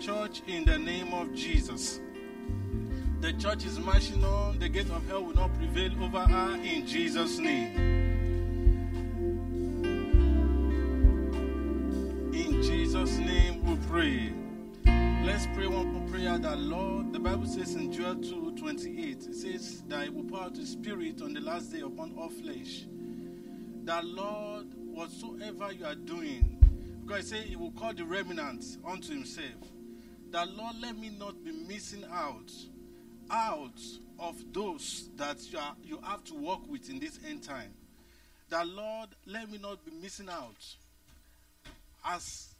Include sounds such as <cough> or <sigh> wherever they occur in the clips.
church in the name of Jesus. The church is marching on. The gate of hell will not prevail over her in Jesus' name. In Jesus' name we pray. Let's pray one more prayer that Lord, the Bible says in Joel 2 28, it says that it will pour out the Spirit on the last day upon all flesh. That Lord, whatsoever you are doing, because I say He will call the remnant unto Himself that Lord, let me not be missing out, out of those that you, are, you have to work with in this end time. That Lord, let me not be missing out as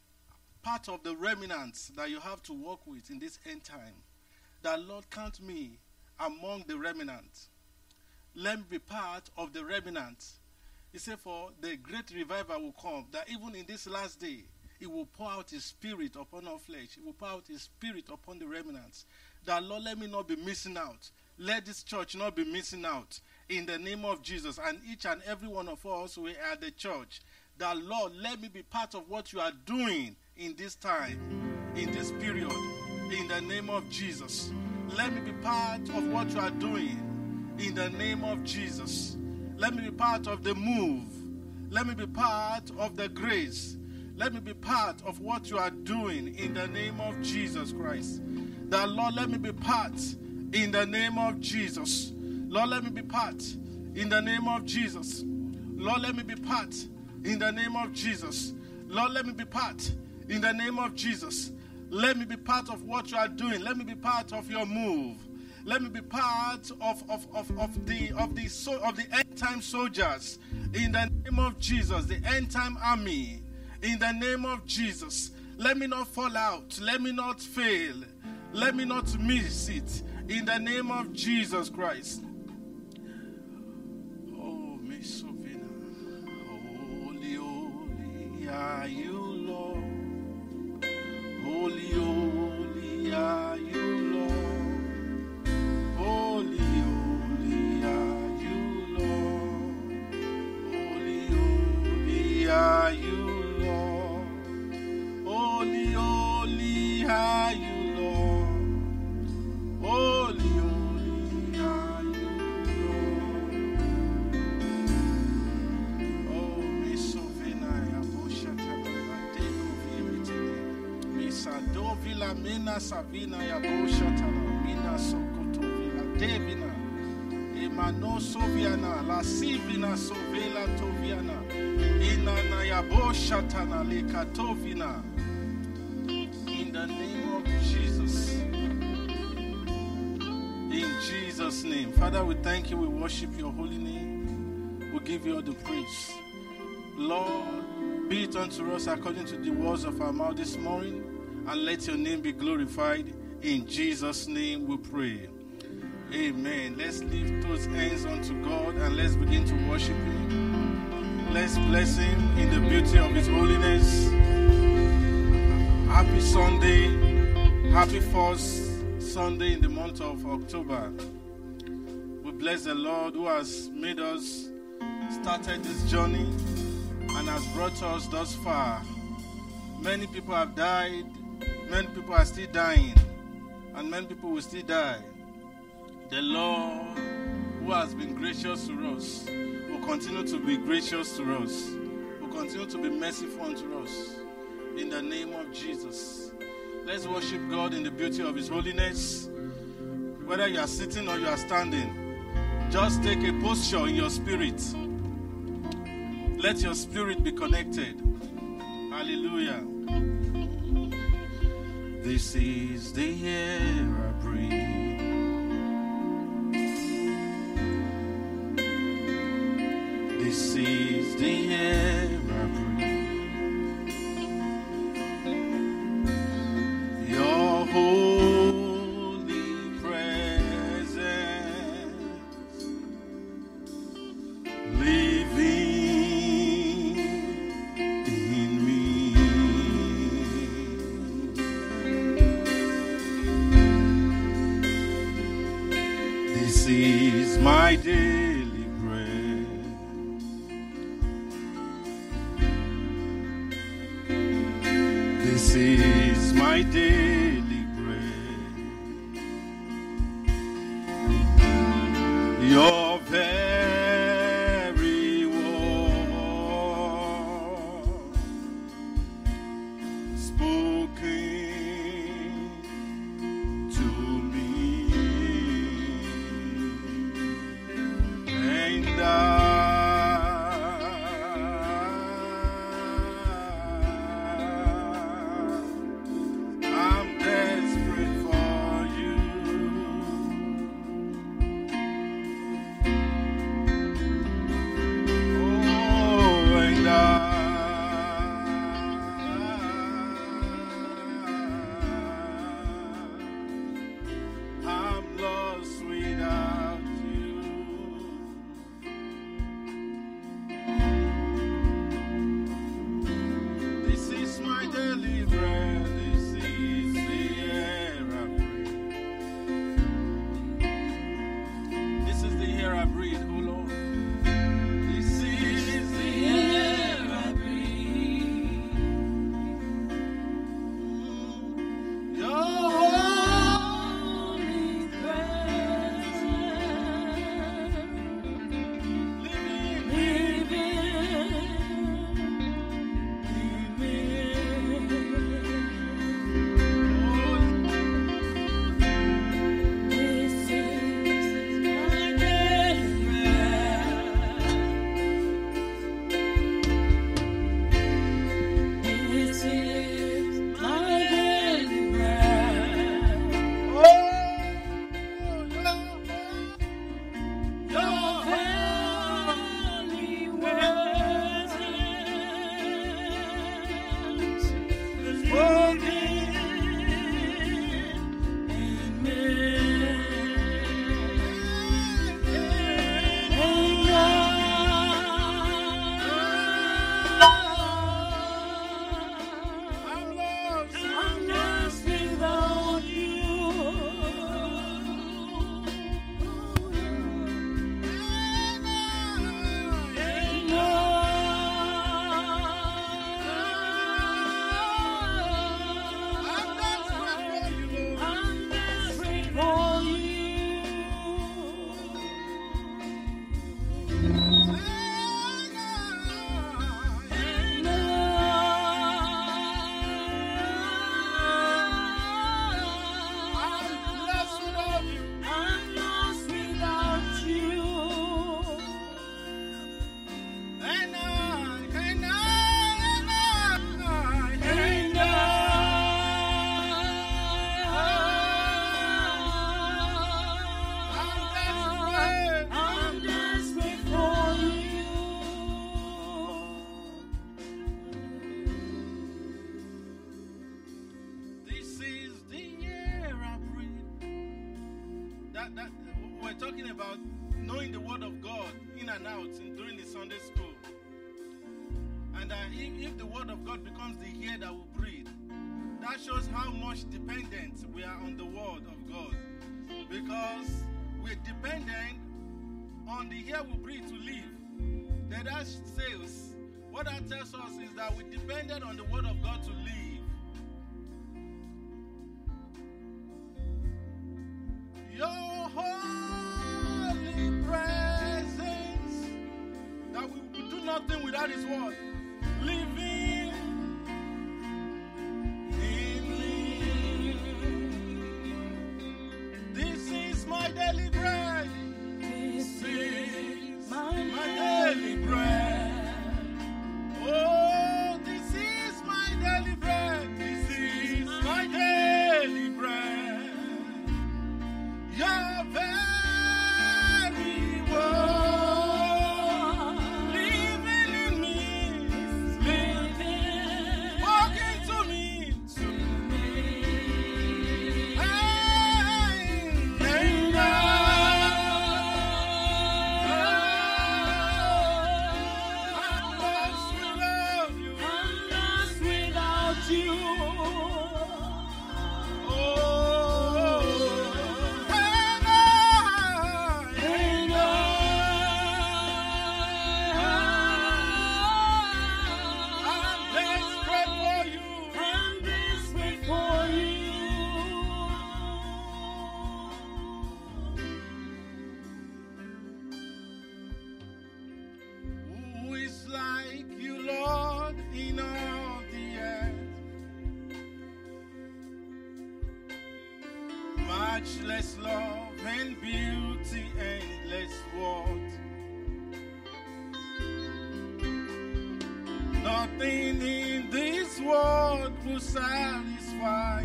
part of the remnants that you have to work with in this end time. That Lord, count me among the remnants. Let me be part of the remnants. He said, For the great revival will come, that even in this last day, he will pour out His Spirit upon all flesh. He will pour out His Spirit upon the remnants. That, Lord, let me not be missing out. Let this church not be missing out. In the name of Jesus. And each and every one of us, we are the church. That, Lord, let me be part of what you are doing in this time, in this period. In the name of Jesus. Let me be part of what you are doing. In the name of Jesus. Let me be part of the move. Let me be part of the grace. Let me be part of what you are doing in the name of Jesus Christ. That, Lord, let me be part in the name of Jesus. Lord, let me be part in the name of Jesus. Lord, let me be part in the name of Jesus. Lord, let me be part in the name of Jesus. Let me be part of what you are doing. Let me be part of your move. Let me be part of, of, of, of the of the so, of the end time soldiers in the name of Jesus, the end time army in the name of Jesus, let me not fall out. Let me not fail. Let me not miss it. In the name of Jesus Christ. Oh, Miss Sovina. Holy, holy are you, Lord. Holy, holy are you, Lord. Holy, holy are you, Lord. Holy, holy are you. Savina Mina Sokoto Vila Devina Emano Soviana La Sivina Sovela Toviana Ina Lekatovina In the name of Jesus In Jesus' name Father we thank you we worship your holy name we give you all the praise Lord be it unto us according to the words of our mouth this morning and let your name be glorified. In Jesus' name we pray. Amen. Let's lift those hands unto God and let's begin to worship Him. Let's bless Him in the beauty of His holiness. Happy Sunday. Happy first Sunday in the month of October. We bless the Lord who has made us, started this journey, and has brought us thus far. Many people have died, Many people are still dying, and many people will still die. The Lord, who has been gracious to us, will continue to be gracious to us, will continue to be merciful unto us. In the name of Jesus. Let's worship God in the beauty of His holiness. Whether you are sitting or you are standing, just take a posture in your spirit. Let your spirit be connected. Hallelujah. This is the air I breathe. This is the air. because we're dependent on the air we breathe to live. Then that says, what that tells us is that we are dependent on the Word of God to live. Your holy presence, that we, we do nothing without His Word. my daily bread. This is my daily bread. satisfy.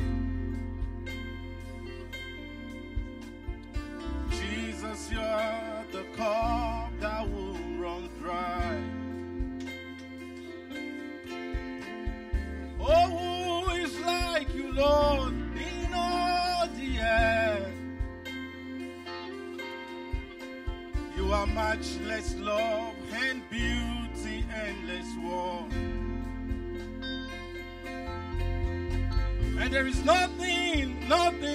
Jesus, you're the cup that will run dry. Oh, who is like you, Lord, in all the earth? You are much less, Lord. There is nothing, nothing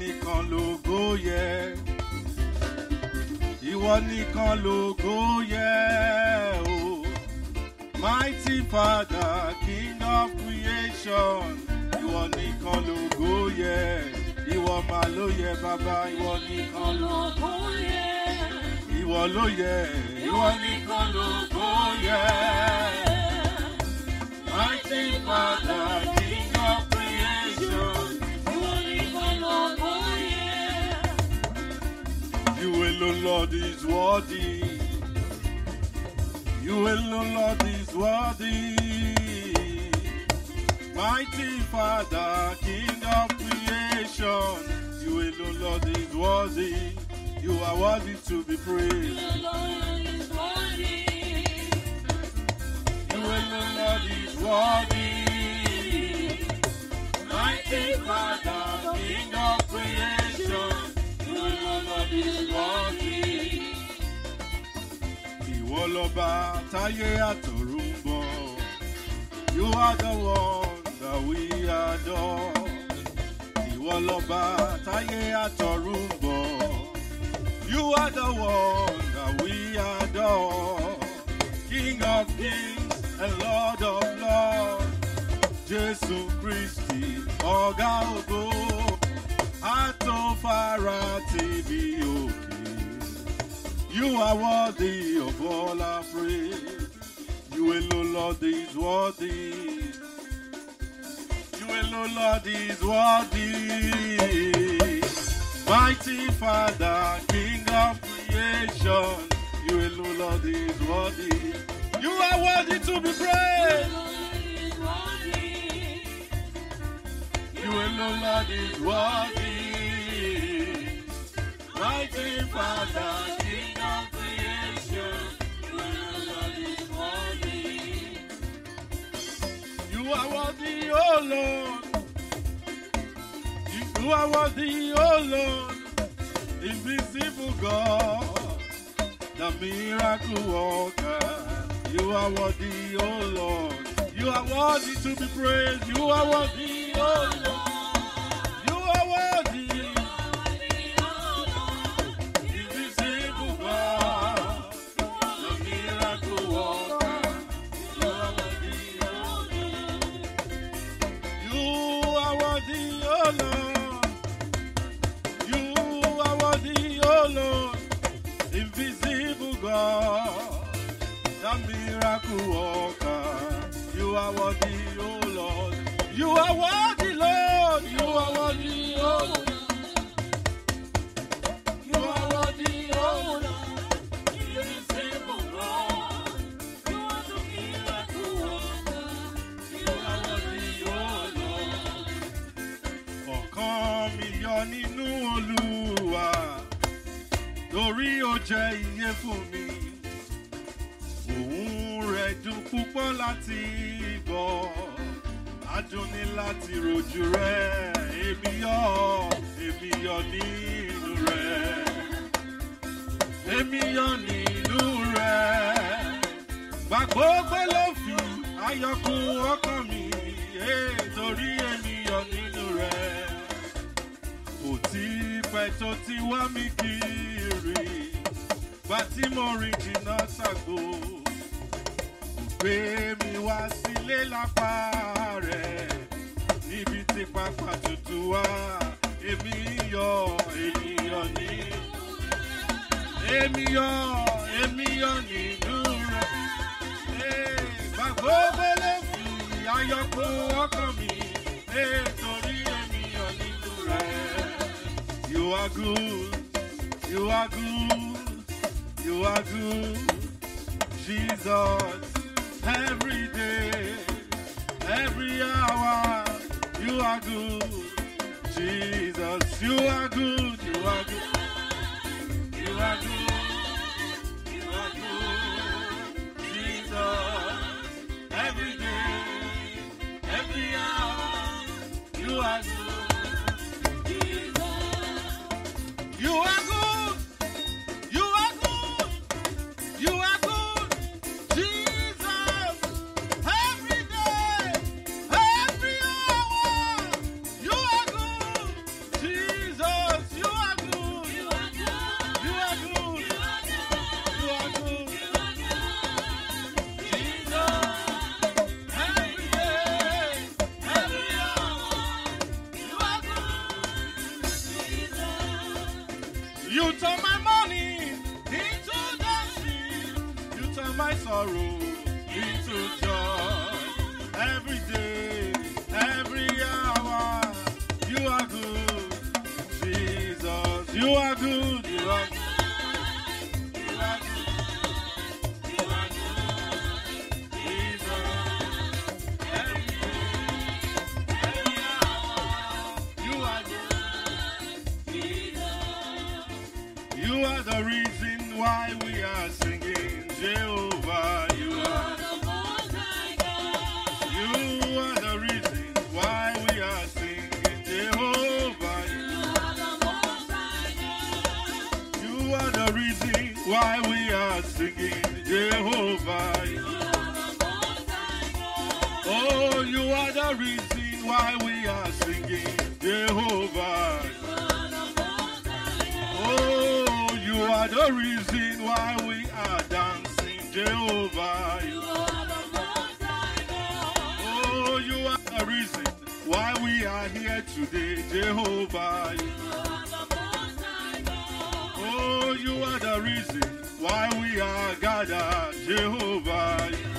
nìkan lógo yẹ ìwọ nìkan lógo yẹ o mighty father king of creation ìwọ nìkan lógo yẹ ìwọ mà ló yẹ bàbá ìwọ nìkan lógo yẹ ìwọ ló yẹ ìwọ nìkan lógo yẹ mighty father. the Lord is worthy. You the Lord, is worthy. Mighty Father, King of creation, you the Lord, is worthy. You are worthy to be praised. You Lord is worthy. You the Lord, is worthy. Mighty Father, King of creation, you the Lord, is worthy. ìwọ lọ́ba táyé àtọ̀run You are the one that we adore. Ìwọ lọ́ba táyé àtọ̀run You are the one that we adore. King of kings and Lord of lords. Jésù Kristi ọ̀gá ògo. Àtòfara tìbí you are worthy of all our praise. You alone, Lord, is worthy. You alone, Lord, is worthy. Mighty Father, King of creation. You alone, Lord, is worthy. You are worthy to be praised. You alone, Lord, is worthy. Mighty Father, You are worthy, oh Lord. You are worthy, oh Lord. Invisible God, the miracle worker. You are worthy, oh Lord. You are worthy to be praised. You are worthy, oh Lord. party. Jehovah. Oh, you are the reason why we are singing Jehovah. Oh, you are the reason why we are dancing Jehovah. Oh, you are the reason why we are here today, Jehovah. Oh, you are the reason why we are God, Jehovah.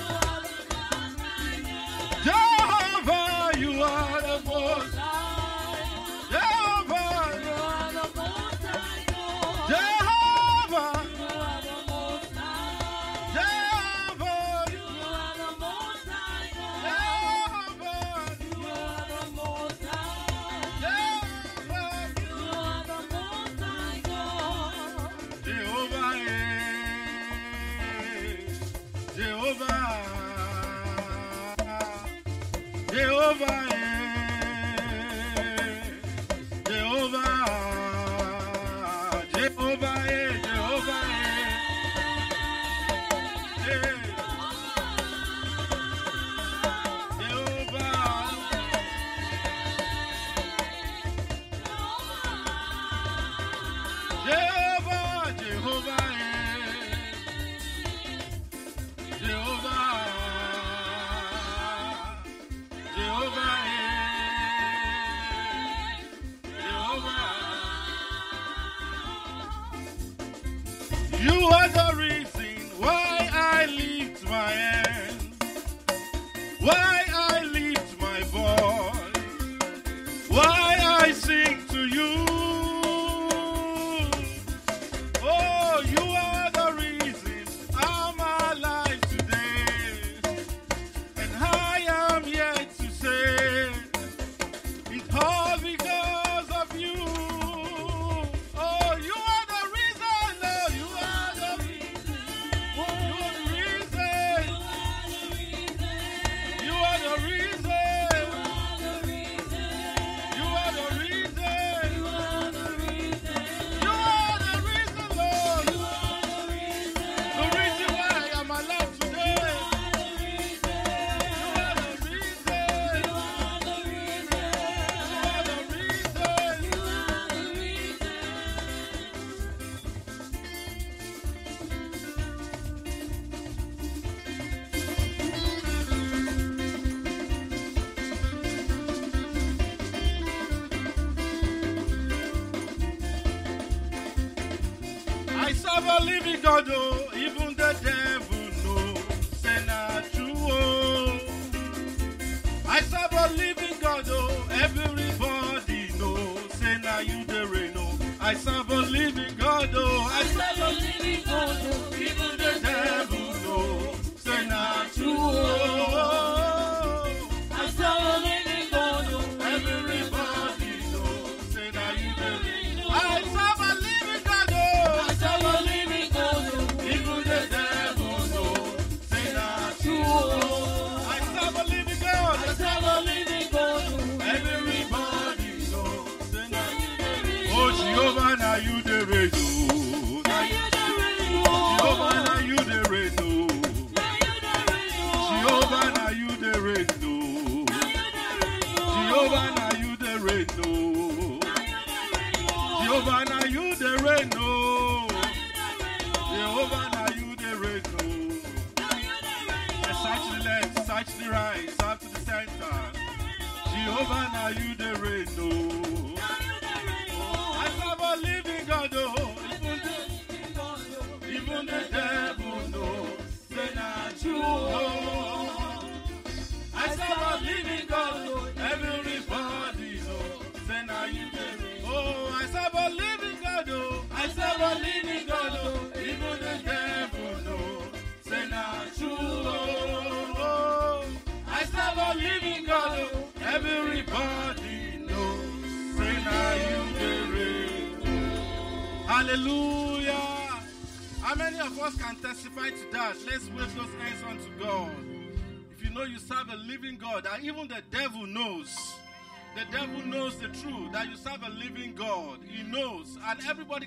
you do.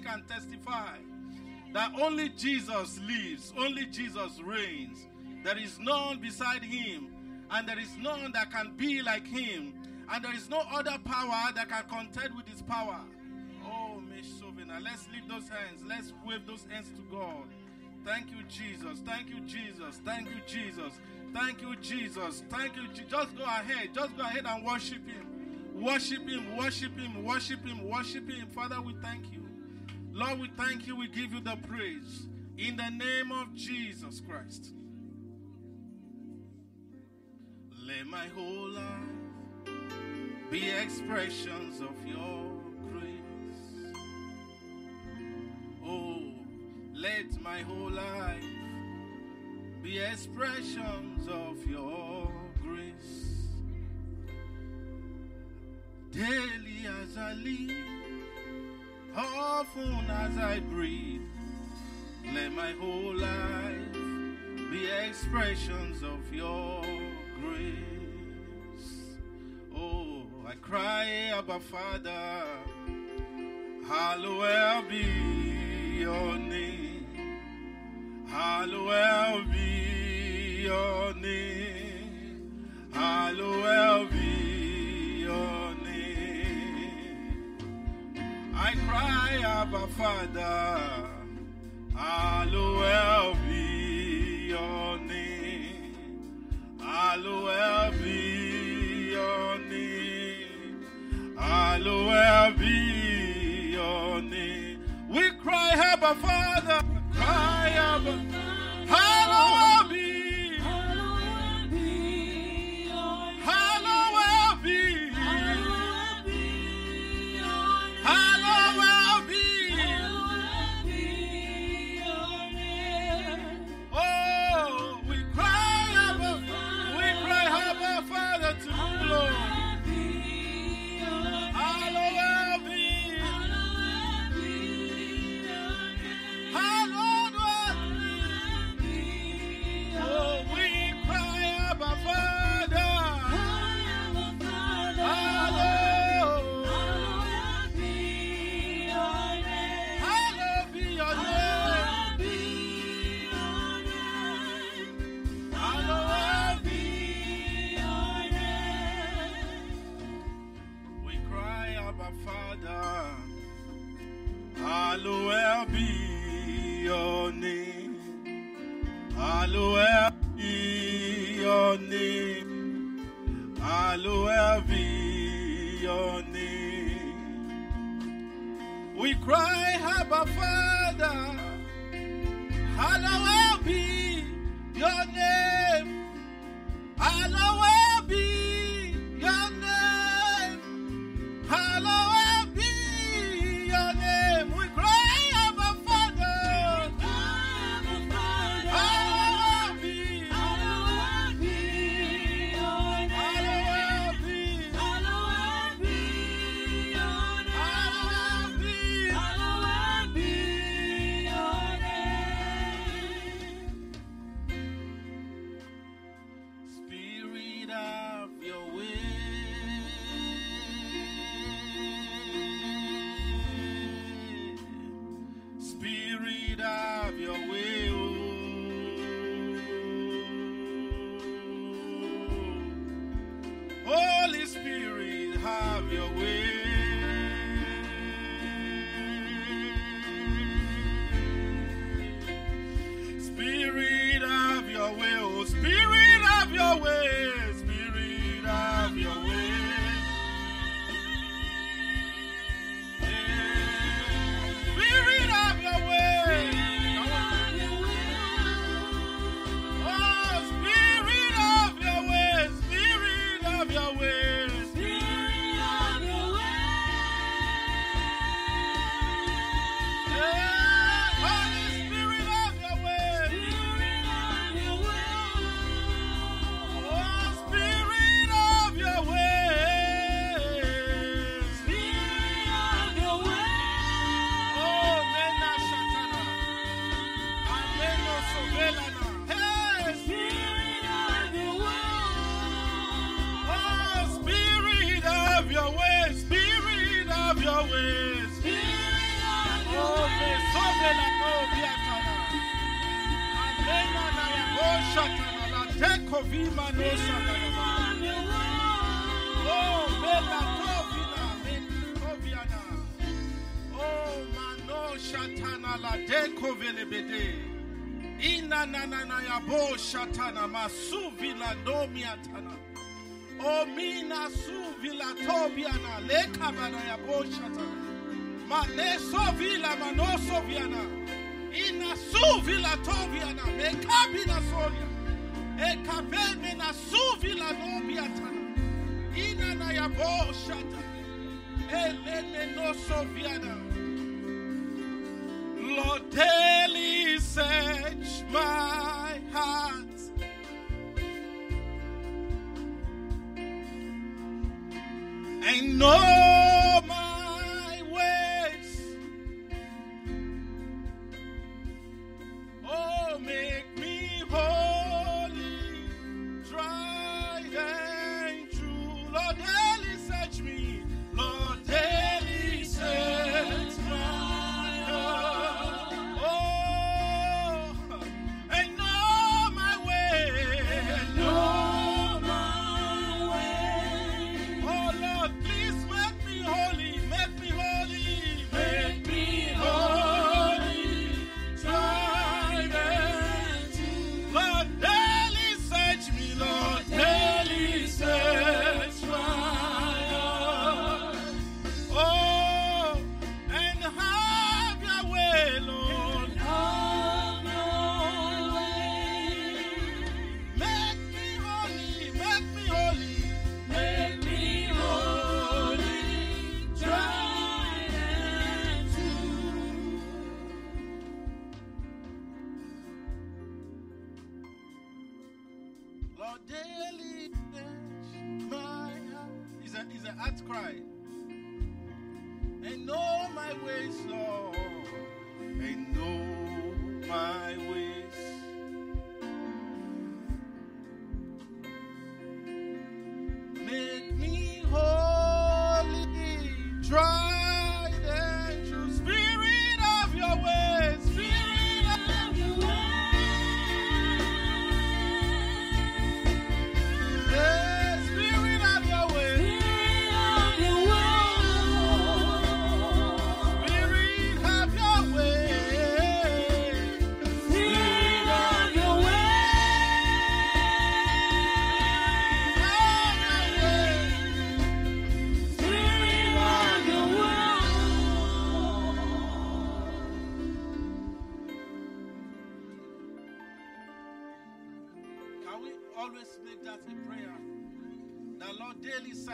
can testify that only Jesus lives, only Jesus reigns. There is none beside him, and there is none that can be like him, and there is no other power that can contend with his power. Oh, Meshovina, let's lift those hands, let's wave those hands to God. Thank you, Jesus. Thank you, Jesus. Thank you, Jesus. Thank you, Jesus. Thank you. Je- just go ahead. Just go ahead and worship Him. Worship Him. Worship Him. Worship Him. Worship Him. Father, we thank you. Lord, we thank you. We give you the praise. In the name of Jesus Christ. Let my whole life be expressions of your grace. Oh, let my whole life be expressions of your grace. Daily as I live often as I breathe. Let my whole life be expressions of your grace. Oh, I cry, Abba Father, hallowed be your name. Hallowed be your name. Hallowed be your name. I cry, Abba Father, hallowed be your name. Hallowed be your name. Hallowed be your name. We cry, Abba Father, cry, Abba, hallowed be Sofiana. Lord, daily search my heart. And know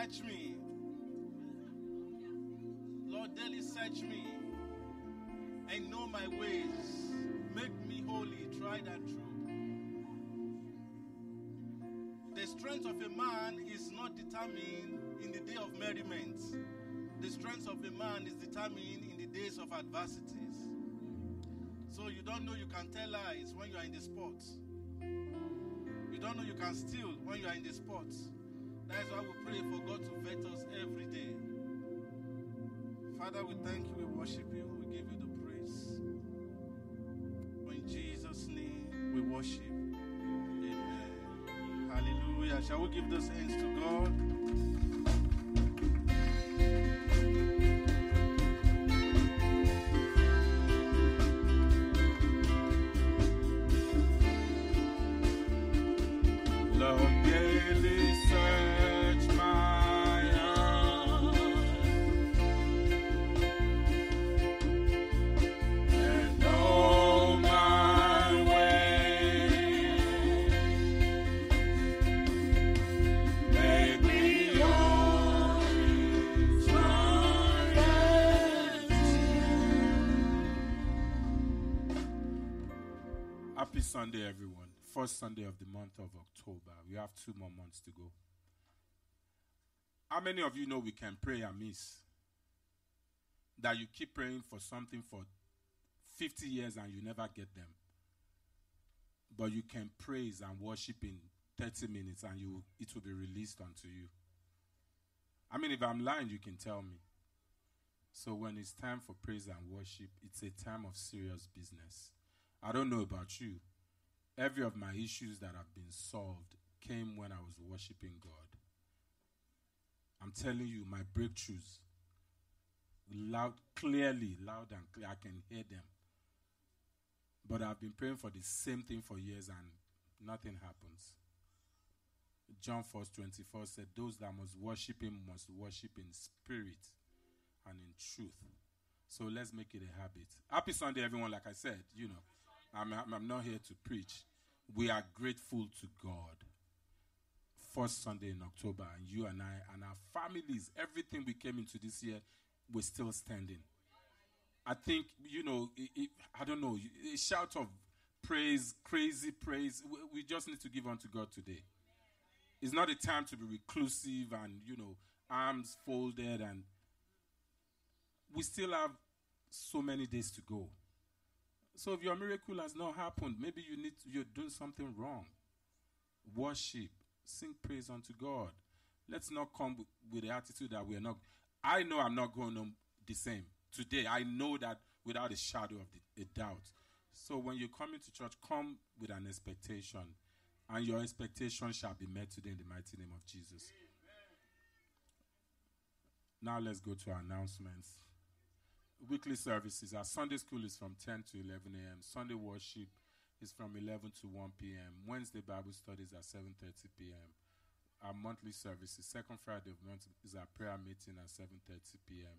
search me. Lord, daily search me and know my ways. Make me holy, tried and true. The strength of a man is not determined in the day of merriment. The strength of a man is determined in the days of adversities. So you don't know you can tell lies when you are in the sports. You don't know you can steal when you are in the sports. That's why we pray for God to vet us every day. Father, we thank you, we worship you, we give you the praise. In Jesus' name, we worship. Amen. Hallelujah. Shall we give those hands to God? Happy Sunday, everyone. First Sunday of the month of October. We have two more months to go. How many of you know we can pray amiss? That you keep praying for something for 50 years and you never get them. But you can praise and worship in 30 minutes and you it will be released unto you. I mean, if I'm lying, you can tell me. So when it's time for praise and worship, it's a time of serious business. I don't know about you. Every of my issues that have been solved came when I was worshiping God. I'm telling you, my breakthroughs, loud, clearly, loud and clear, I can hear them. But I've been praying for the same thing for years and nothing happens. John 4 24 said, Those that must worship him must worship in spirit and in truth. So let's make it a habit. Happy Sunday, everyone, like I said, you know. I'm, I'm not here to preach. We are grateful to God. First Sunday in October, and you and I and our families, everything we came into this year, we're still standing. I think, you know, it, it, I don't know, a shout of praise, crazy praise. We, we just need to give unto God today. It's not a time to be reclusive and, you know, arms folded, and we still have so many days to go. So if your miracle has not happened, maybe you need to, you're doing something wrong. Worship, sing praise unto God. Let's not come with, the attitude that we're not. I know I'm not going on the same today. I know that without a shadow of the, a doubt. So when you come into church, come with an expectation, and your expectation shall be met today in the mighty name of Jesus. Amen. Now let's go to announcements weekly services. Our Sunday school is from 10 to 11 a.m. Sunday worship is from 11 to 1 p.m. Wednesday Bible studies at 7:30 p.m. Our monthly services, second Friday of the month is our prayer meeting at 7:30 p.m.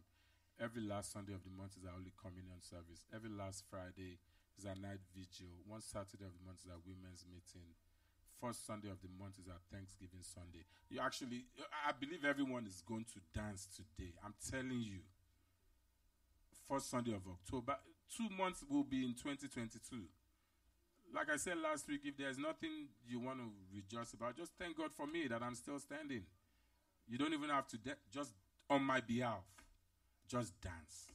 Every last Sunday of the month is our Holy Communion service. Every last Friday is our night vigil. One Saturday of the month is our women's meeting. First Sunday of the month is our Thanksgiving Sunday. You actually, I believe everyone is going to dance today. I'm telling you first Sunday of October. Two months will be in 2022. Like I said last week, if there's nothing you want to rejoice about, just thank God for me that I'm still standing. You don't even have to, de- just on my behalf, just dance.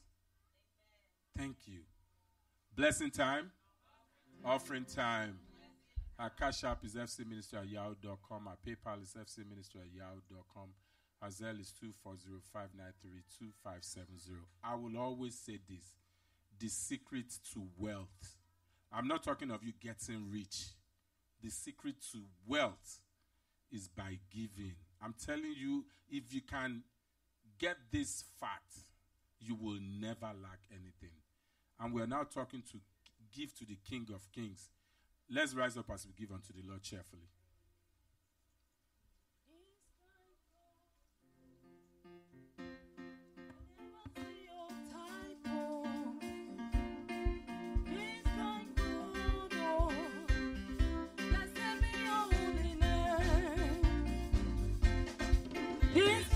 Thank you. Blessing time, offering time. Our cash app is fcminister at yahoo.com. Our PayPal is fcminister at yahoo.com. Our Zelle is 2405932570. I will always say this the secret to wealth. I'm not talking of you getting rich. The secret to wealth is by giving. I'm telling you, if you can get this fact, you will never lack anything. And we're now talking to give to the King of Kings. Let's rise up as we give unto the Lord cheerfully. 嗯。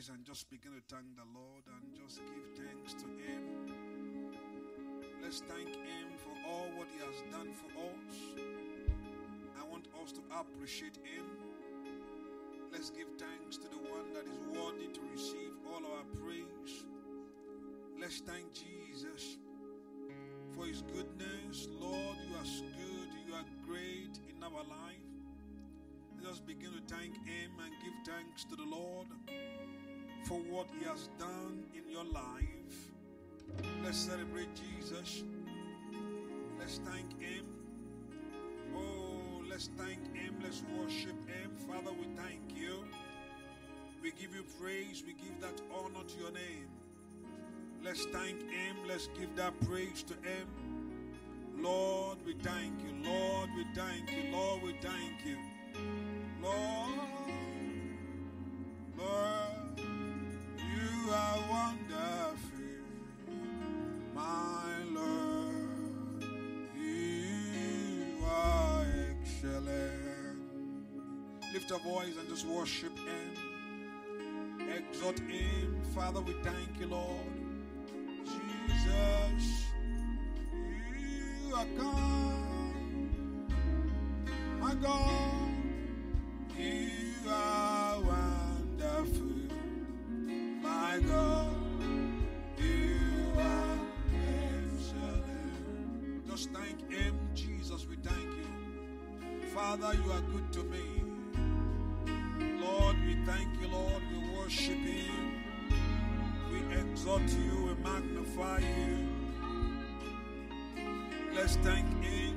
eyes and just begin to thank the Lord and just give thanks to Him. Let's thank Him for all what He has done for us. I want us to appreciate Him. Let's give thanks to the one that is worthy to receive all our praise. Let's thank Jesus for His goodness. Lord, you are good, you are great in our life. Let us begin to thank Him and give thanks to the Lord for what He has done in your life. Let's celebrate Jesus. Let's thank Him. Oh, let's thank Him. Let's worship Him. Father, we thank you. We give you praise. We give that honor to your name. Let's thank Him. Let's give that praise to Him. Lord, we thank you. Lord, we thank you. Lord, we thank you. Lord, Lord are wonderful, my Lord. You are excellent. Lift a voice and just worship Him. Exalt Him. Father, we thank you, Lord. Jesus, you are God. My God. Father, you are good to me. Lord, we thank you, Lord. We worship you. We exalt you. We magnify you. Let's thank Him.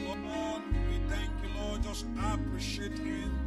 Lord, we thank you, Lord. Just appreciate Him.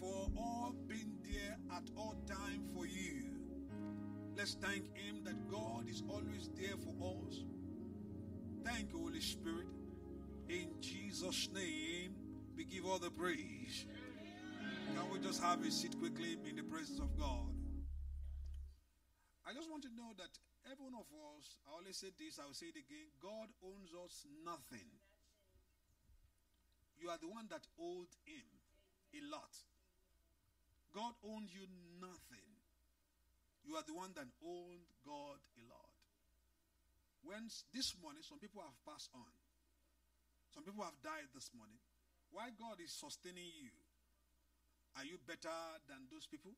for all being there at all time for you. Let's thank Him that God is always there for us. Thank you, Holy Spirit. In Jesus' name, we give all the praise. Can we just have a seat quickly in the presence of God? I just want to know that every one of us, I always say this, I will say it again God owns us nothing. You are the one that owed Him a lot. God owned you nothing. You are the one that owned God a lot. When this morning, some people have passed on. Some people have died this morning. Why God is sustaining you? Are you better than those people?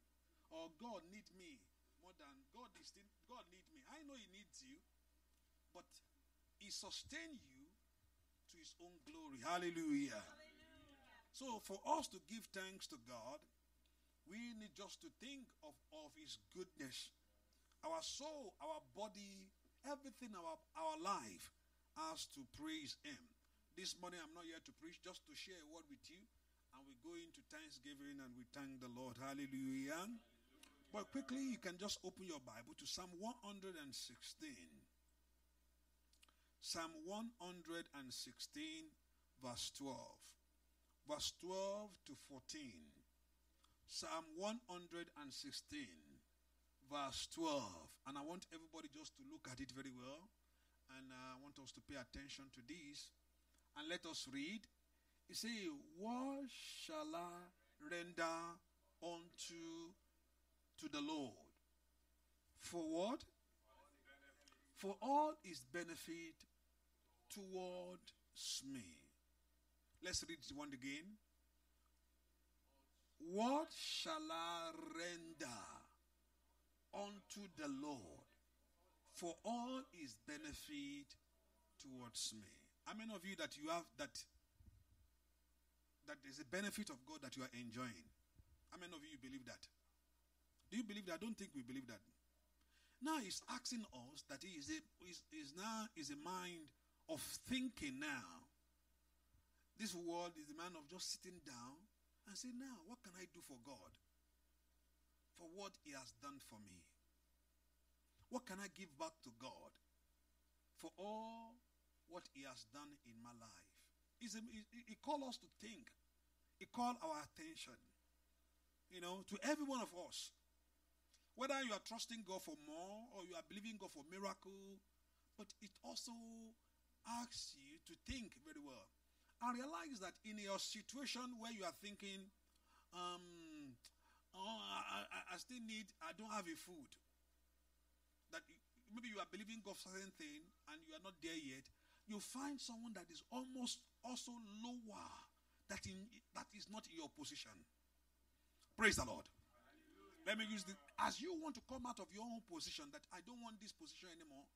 Or God need me more than God is still God need me. I know He needs you, but He sustain you to His own glory. Hallelujah. Hallelujah. So for us to give thanks to God we need just to think of, of His goodness. Our soul, our body, everything, our, our life has to praise Him. This morning I'm not here to preach, just to share a word with you. And we go into thanksgiving and we thank the Lord. Hallelujah. Hallelujah. But quickly, you can just open your Bible to Psalm 116. Psalm 116, verse 12. Verse 12 to 14. Psalm 116, verse 12. And I want everybody just to look at it very well. And uh, I want us to pay attention to this. And let us read. It says, What shall I render unto to the Lord? For what? For all his benefit towards me. Let's read it one again. What shall I render unto the Lord for all his benefit towards me? How many of you that you have that that is a benefit of God that you are enjoying? How many of you believe that? Do you believe that? I don't think we believe that. Now he's asking us that he is a, is, is now is a mind of thinking now. This world is a mind of just sitting down and say, Now, what can I do for God? For what He has done for me? What can I give back to God for all what He has done in my life? He a, it, calls us to think, He calls our attention, you know, to every one of us. Whether you are trusting God for more or you are believing God for miracle, but it also asks you to think very well and realize that in your situation where you are thinking, um, oh, I, I, I still need, I don't have a food. That maybe you are believing God for certain thing and you are not there yet. You find someone that is almost also lower, that in that is not in your position. Praise the Lord. Let me use the As you want to come out of your own position, that I don't want this position anymore.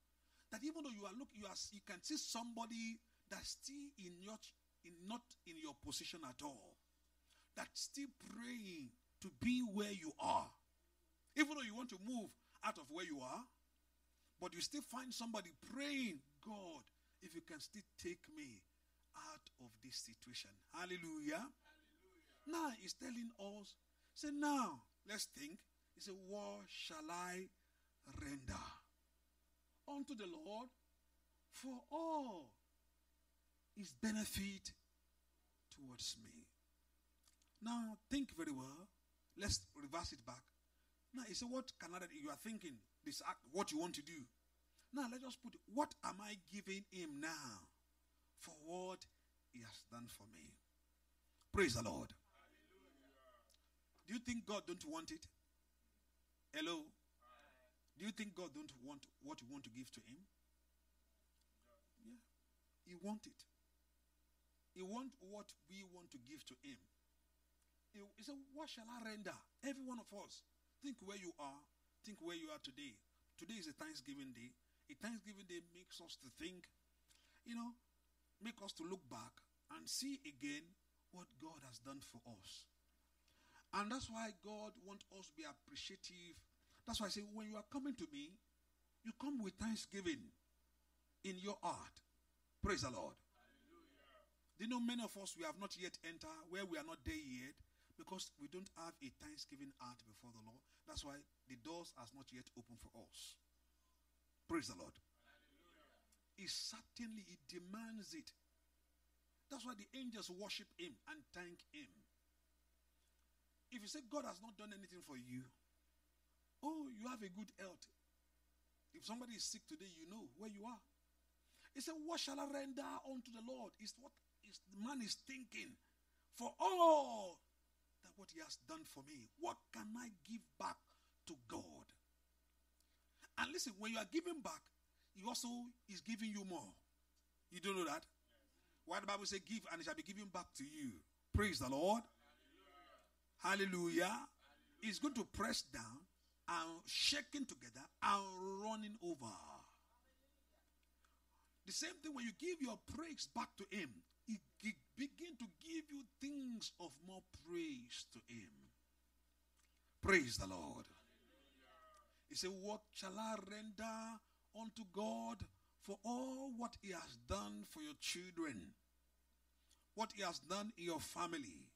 That even though you are looking, you are you can see somebody that's still in your in, not in your position at all, that's still praying to be where you are. Even though you want to move out of where you are, but you still find somebody praying, God, if you can still take me out of this situation. Hallelujah. Hallelujah. Now he's telling us, say, now let's think. He said, What shall I render unto the Lord for all is benefit towards me. Now, think very well. Let's reverse it back. Now, you say, what can I, you are thinking, this act, what you want to do. Now, let us put, what am I giving him now for what he has done for me? Praise the Lord. Hallelujah. Do you think God don't want it? Hello? Do you think God don't want what you want to give to him? Yeah. He want it. He wants what we want to give to Him. He, he said, What shall I render? Every one of us. Think where you are. Think where you are today. Today is a Thanksgiving day. A Thanksgiving day makes us to think, you know, make us to look back and see again what God has done for us. And that's why God wants us to be appreciative. That's why I say, when you are coming to me, you come with thanksgiving in your heart. Praise the Lord. Do you know many of us, we have not yet entered where we are not there yet because we don't have a thanksgiving heart before the Lord. That's why the doors has not yet opened for us. Praise the Lord. Hallelujah. It certainly it demands it. That's why the angels worship him and thank him. If you say God has not done anything for you, oh, you have a good health. If somebody is sick today, you know where you are. He said, What shall I render unto the Lord? Is what is man is thinking for all that what he has done for me. What can I give back to God? And listen, when you are giving back, he also is giving you more. You don't know that? Why the Bible say, give and it shall be given back to you. Praise the Lord. Hallelujah. Is Hallelujah. He's going to press down and shaking together and running over. The same thing when you give your praise back to him, he, he begin to give you things of more praise to him. Praise the Lord. He said, What shall I render unto God for all what he has done for your children? What he has done in your family?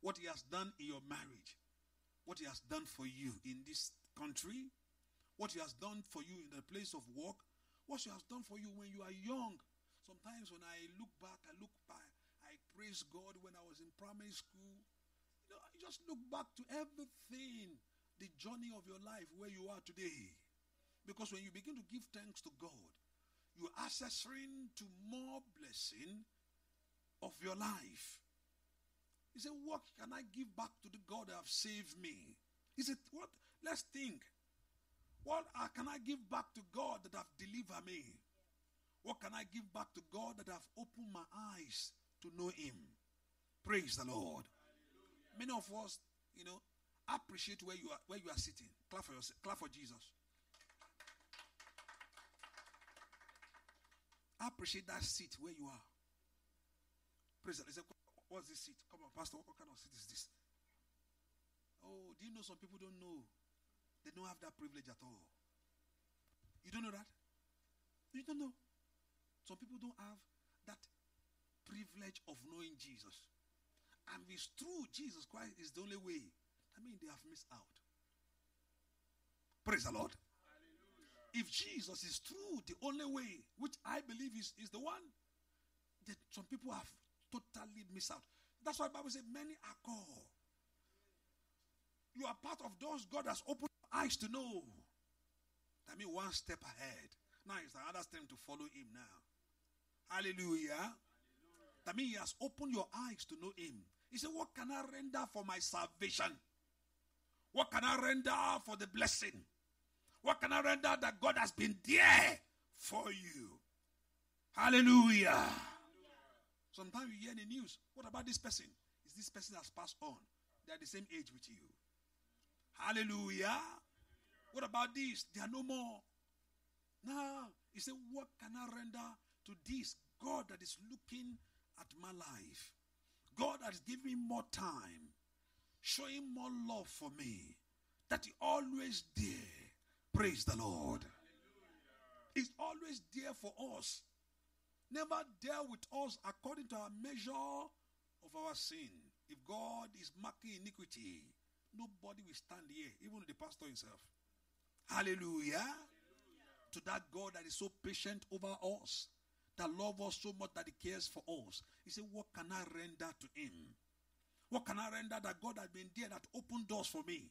What he has done in your marriage? What he has done for you in this country? What he has done for you in the place of work? What he has done for you when you are young? Sometimes when I look back, I look back, I praise God when I was in primary school. You know, I just look back to everything, the journey of your life, where you are today. Because when you begin to give thanks to God, you're accessing to more blessing of your life. He said, What can I give back to the God that have saved me? He said, What? Let's think. What uh, can I give back to God that have delivered me? What can I give back to God that I've opened my eyes to know Him? Praise the Lord. Hallelujah. Many of us, you know, appreciate where you are where you are sitting. Clap for yourself, clap for Jesus. Appreciate that seat where you are. Praise the Lord. What's this seat? Come on, Pastor, what kind of seat is this? Oh, do you know some people don't know? They don't have that privilege at all. You don't know that? You don't know. Some people don't have that privilege of knowing Jesus. And it's true, Jesus Christ is the only way. I mean, they have missed out. Praise the Lord. Hallelujah. If Jesus is true, the only way, which I believe is, is the one, that some people have totally missed out. That's why Bible says many are called. You are part of those God has opened eyes to know. That means one step ahead. Now it's another step to follow him now. Hallelujah. That means He has opened your eyes to know Him. He said, What can I render for my salvation? What can I render for the blessing? What can I render that God has been there for you? Hallelujah. Hallelujah. Sometimes you hear the news. What about this person? Is this person has passed on? They are the same age with you. Hallelujah. What about this? They are no more. Now, he said, What can I render to this God that is looking at my life. God has given me more time, showing more love for me that He always there. Praise the Lord. He's always there for us. Never there with us according to our measure of our sin. If God is marking iniquity, nobody will stand here, even the pastor himself. Hallelujah. Hallelujah. To that God that is so patient over us that loves us so much that he cares for us. He said, What can I render to him? What can I render that God has been there that opened doors for me?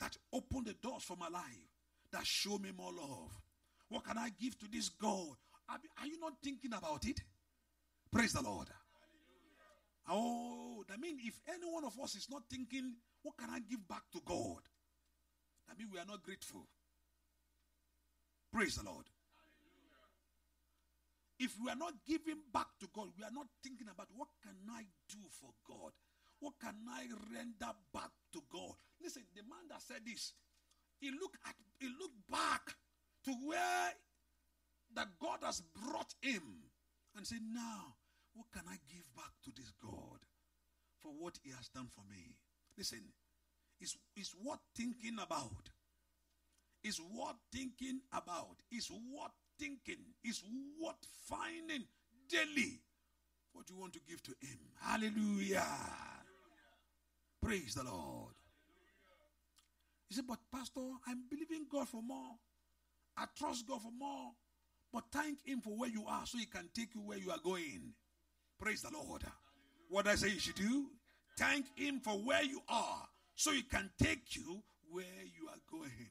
That opened the doors for my life? That showed me more love? What can I give to this God? Are you not thinking about it? Praise the Lord. Hallelujah. Oh, that means if any one of us is not thinking, what can I give back to God? That means we are not grateful. Praise the Lord. If we are not giving back to God, we are not thinking about what can I do for God? What can I render back to God? Listen, the man that said this, he looked at he looked back to where that God has brought him and said, Now, what can I give back to this God for what he has done for me? Listen, it's, it's worth thinking about. It's worth thinking about. It's worth thinking, is worth finding daily what you want to give to Him. Hallelujah. Praise the Lord. He said, But, Pastor, I'm believing God for more. I trust God for more. But thank Him for where you are so He can take you where you are going. Praise the Lord. What I say you should do? Thank Him for where you are so He can take you where you are going.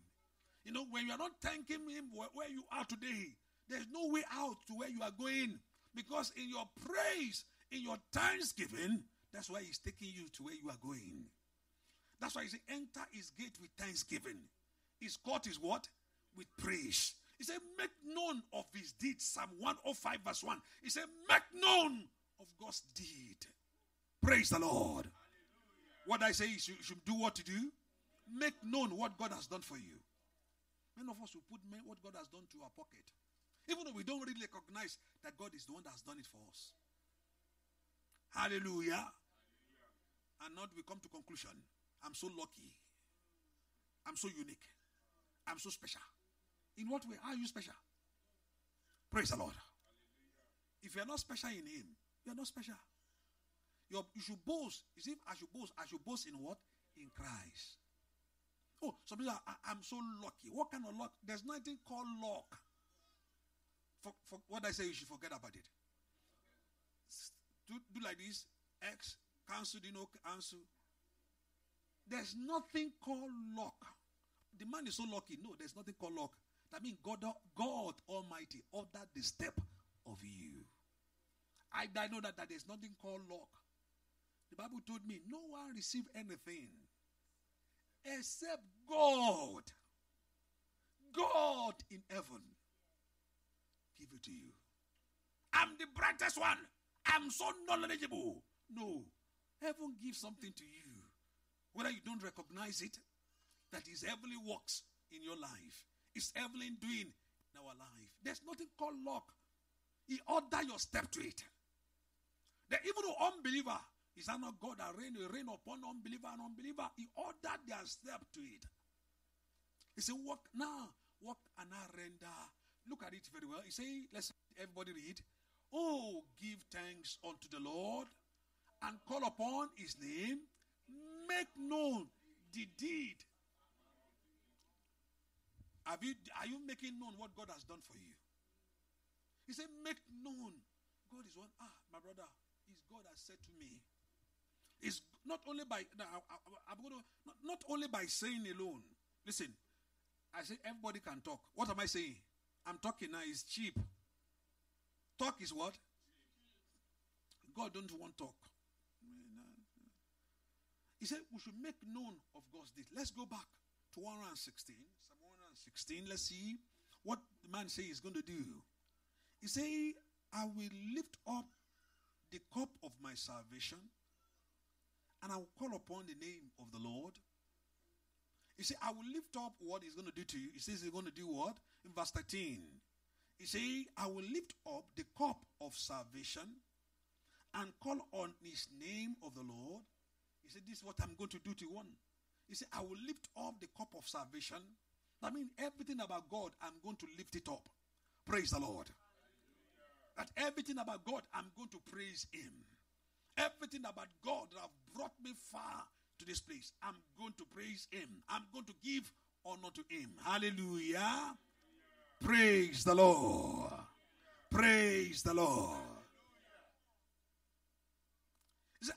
You know, when you are not thanking Him where you are today, there's no way out to where you are going. Because in your praise, in your thanksgiving, that's why He's taking you to where you are going. That's why He says, enter His gate with thanksgiving. His court is what? With praise. He said, make known of His deeds. Psalm 105, verse 1. He said, make known of God's deed. Praise the Lord. What I say is, you should do what to do. Make known what God has done for you. Many of us will put what God has done to our pocket, even though we don't really recognize that God is the one that has done it for us. Hallelujah. Hallelujah. And not we come to conclusion. I'm so lucky. I'm so unique. I'm so special. In what way are you special? Praise the Lord. Hallelujah. If you're not special in Him, you're not special. You're, you should boast. You see, I should boast. I should boast in what? In Christ. Oh, some people are, I, am so lucky. What kind of luck? There's nothing called luck. For, for what I say, you should forget about it. Do, do like this X, cancel, do you know, cancel. There's nothing called luck. The man is so lucky. No, there's nothing called luck. That means God, God Almighty ordered the step of you. I, I know that, that there's nothing called luck. The Bible told me no one received anything except God, God in heaven, give it to you. I'm the brightest one. I'm so knowledgeable. No, heaven gives something to you, whether you don't recognize it. That is heavenly works in your life. It's heavenly doing in our life. There's nothing called luck. He order your step to it. That even the unbeliever is that not God that rain will rain upon unbeliever and unbeliever? He ordered their step to it. He said, Walk now, walk and now render. Look at it very well. He said, let's everybody read. Oh, give thanks unto the Lord and call upon his name. Make known the deed. Have you, are you making known what God has done for you? He said, Make known. God is one. Ah, my brother, is God has said to me is not only by I, am going to, not, not only by saying alone. Listen, I say everybody can talk. What am I saying? I'm talking now is cheap. Talk is what? God don't want talk. He said we should make known of God's deed. Let's go back to 116. Psalm 116. Let's see what the man say he's going to do. He say, I will lift up the cup of my salvation and I will call upon the name of the Lord. You see, I will lift up what he's going to do to you. He says he's going to do what? In verse 13. He says, I will lift up the cup of salvation and call on his name of the Lord. He said, This is what I'm going to do to one. He said, I will lift up the cup of salvation. That means everything about God, I'm going to lift it up. Praise the Lord. That everything about God, I'm going to praise him. Everything about God that have brought me far to this place, I'm going to praise Him. I'm going to give honor to Him. Hallelujah. Praise the Lord. Praise the Lord.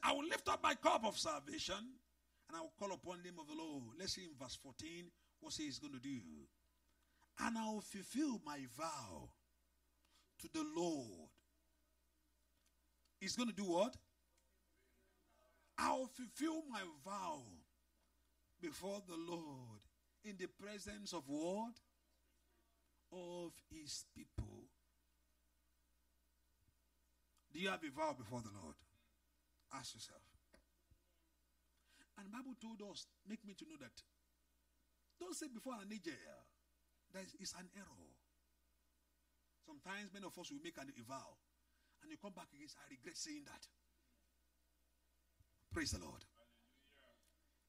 I will lift up my cup of salvation and I will call upon the name of the Lord. Let's see in verse 14 what he's going to do. And I will fulfill my vow to the Lord. He's going to do what? I'll fulfill my vow before the Lord in the presence of what? Of his people. Do you have a vow before the Lord? Ask yourself. And Bible told us, make me to know that. Don't say before an age, that is an error. Sometimes many of us will make an, a vow and you come back against, I regret saying that. Praise the Lord.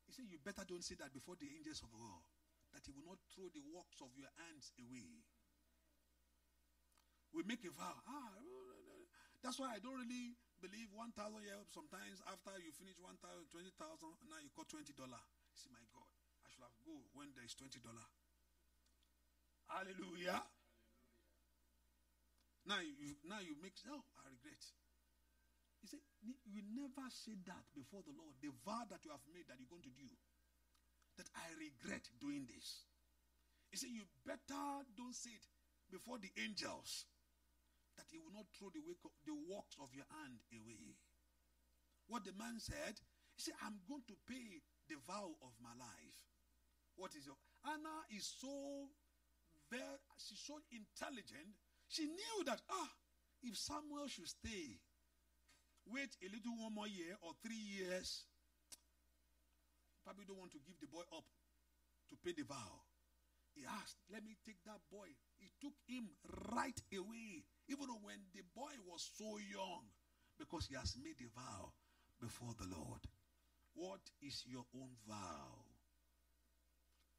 He said, You better don't say that before the angels of God, that He will not throw the works of your hands away. We make a vow. Ah, that's why I don't really believe 1,000 years. Sometimes after you finish 1,000, 20,000, now you got $20. See, my God, I should have go when there is $20. Hallelujah. Hallelujah. Now you, now you make, no, oh, I regret. He said, You never said that before the Lord, the vow that you have made that you're going to do, that I regret doing this. He said, You better don't say it before the angels, that he will not throw the, wake of, the works of your hand away. What the man said, he said, I'm going to pay the vow of my life. What is your Anna is so very she's so intelligent. She knew that ah, if Samuel should stay, wait a little one more year or three years. Probably don't want to give the boy up to pay the vow. He asked, Let me take that boy. He took him right away, even when the boy was so young, because he has made a vow before the Lord. What is your own vow?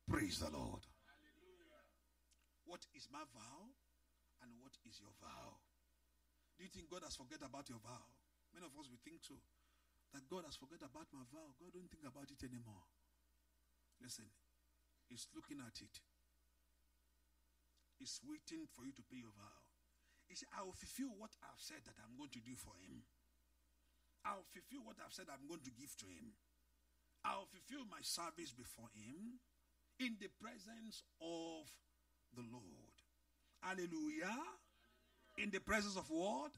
Praise the Lord. Hallelujah. What is my vow? And what is your vow? Do you think God has forget about your vow? Many of us, we think so. That God has forgot about my vow. God don't think about it anymore. Listen, He's looking at it. He's waiting for you to pay your vow. He said, I will fulfill what I've said that I'm going to do for him. I'll fulfill what I've said I'm going to give to him. I'll fulfill my service before him in the presence of the Lord. Hallelujah. In the presence of what?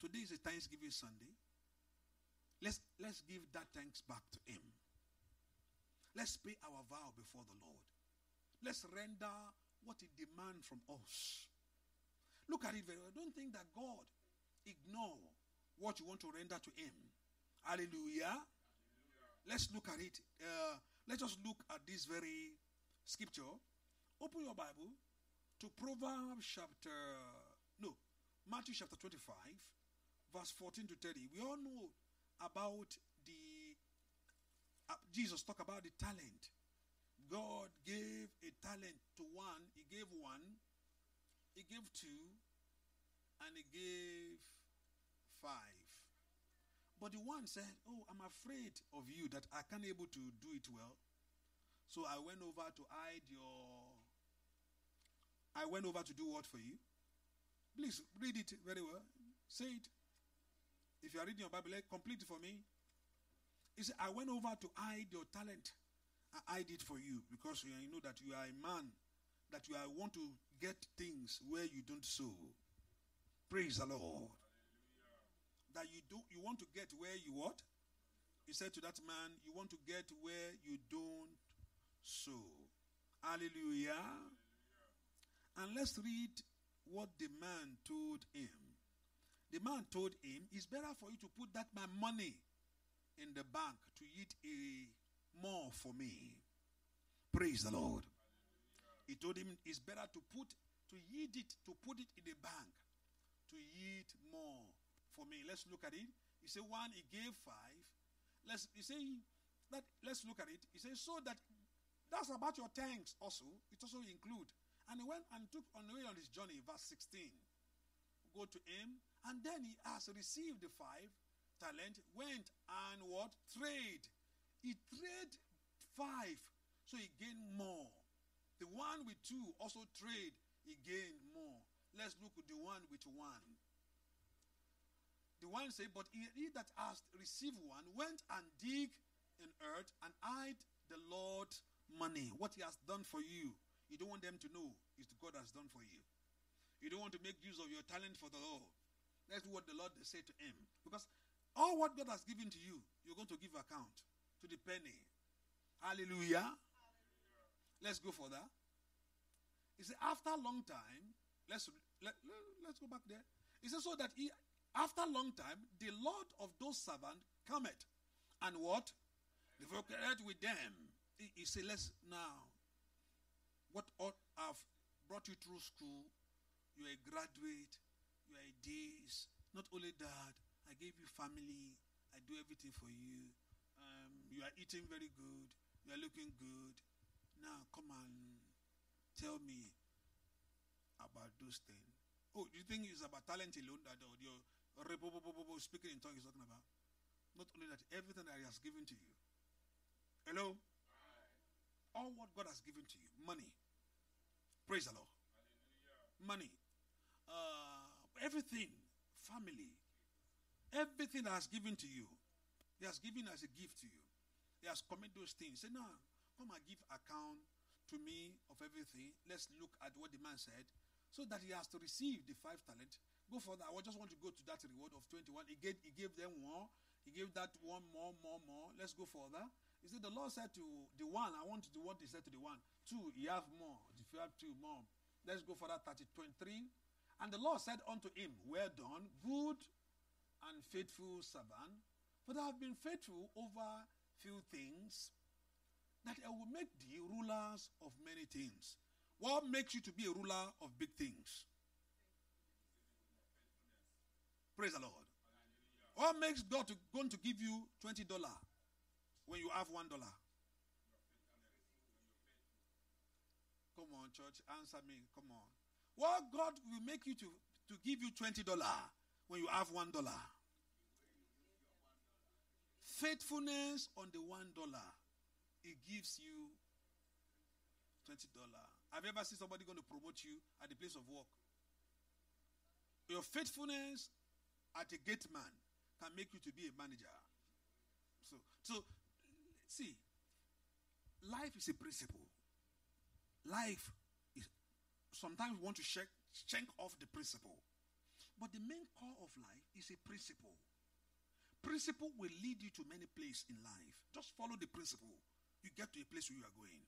Today is a Thanksgiving Sunday. Let's, let's give that thanks back to Him. Let's pay our vow before the Lord. Let's render what He demands from us. Look at it very well. Don't think that God ignore what you want to render to Him. Hallelujah. Let's look at it. Uh, let us look at this very scripture. Open your Bible to Proverbs chapter, no, Matthew chapter 25, verse 14 to 30. We all know about the uh, Jesus talk about the talent. God gave a talent to one, he gave one, he gave two, and he gave five. But the one said, Oh, I'm afraid of you that I can't able to do it well. So I went over to hide your. I went over to do what for you? Please read it very well. Say it. If you are reading your Bible, complete it for me. He said, I went over to hide your talent. I hide it for you because you know that you are a man, that you are, want to get things where you don't sow. Praise the Lord. Hallelujah. That you do you want to get where you what? He said to that man, You want to get where you don't sow. Hallelujah. Hallelujah. And let's read what the man told him. The man told him, It's better for you to put that my money in the bank to eat a more for me. Praise the Lord. He told him it's better to put to yield it, to put it in the bank, to yield more for me. Let's look at it. He said, one, he gave five. Let's he say that let's look at it. He says, so that that's about your thanks also. It also include. And he went and took on the way on his journey, verse 16. Go to him and then he has received the five talent, went and what? Trade. He trade five, so he gained more. The one with two also trade, he gained more. Let's look at the one with one. The one say, But he, he that has received one went and dig in earth and hid the Lord money. What he has done for you, you don't want them to know is God has done for you. You don't want to make use of your talent for the Lord. That's what the Lord said to him. Because all what God has given to you, you're going to give account to the penny. Hallelujah. Hallelujah. Let's go for that. He said, after a long time, let's let, let's go back there. He said, so that he, after a long time, the Lord of those servants cometh, and what? Devoureth with them. He, he said, let's now. What ought have brought you through school? You're a graduate. You Not only that, I gave you family. I do everything for you. Um, you are eating very good. You are looking good. Now, come and tell me about those things. Oh, do you think it's about talent alone that your speaking in tongues is talking about? Not only that, everything that He has given to you. Hello? All what God has given to you money. Praise the Lord. Money. Uh, everything, family, everything that has given to you, he has given as a gift to you. He has committed those things. Say, no, come and give account to me of everything. Let's look at what the man said. So that he has to receive the five talent. Go further. I just want to go to that reward of 21. He gave, he gave them one. He gave that one more, more, more. Let's go further. He said, The Lord said to the one, I want to do what he said to the one. Two, you have more. If you have two more, let's go for that 30, 23. And the Lord said unto him, Well done, good and faithful servant, for thou hast been faithful over few things, that I will make thee rulers of many things. What makes you to be a ruler of big things? Praise the Lord. What makes God to, going to give you twenty dollar when you have one dollar? Come on, church, answer me. Come on. What God will make you to, to give you $20 when you have $1. Faithfulness on the $1, it gives you $20. Have you ever seen somebody going to promote you at the place of work? Your faithfulness at a gate man can make you to be a manager. So, so see, life is a principle. Life sometimes we want to shake, off the principle. But the main core of life is a principle. Principle will lead you to many places in life. Just follow the principle. You get to a place where you are going.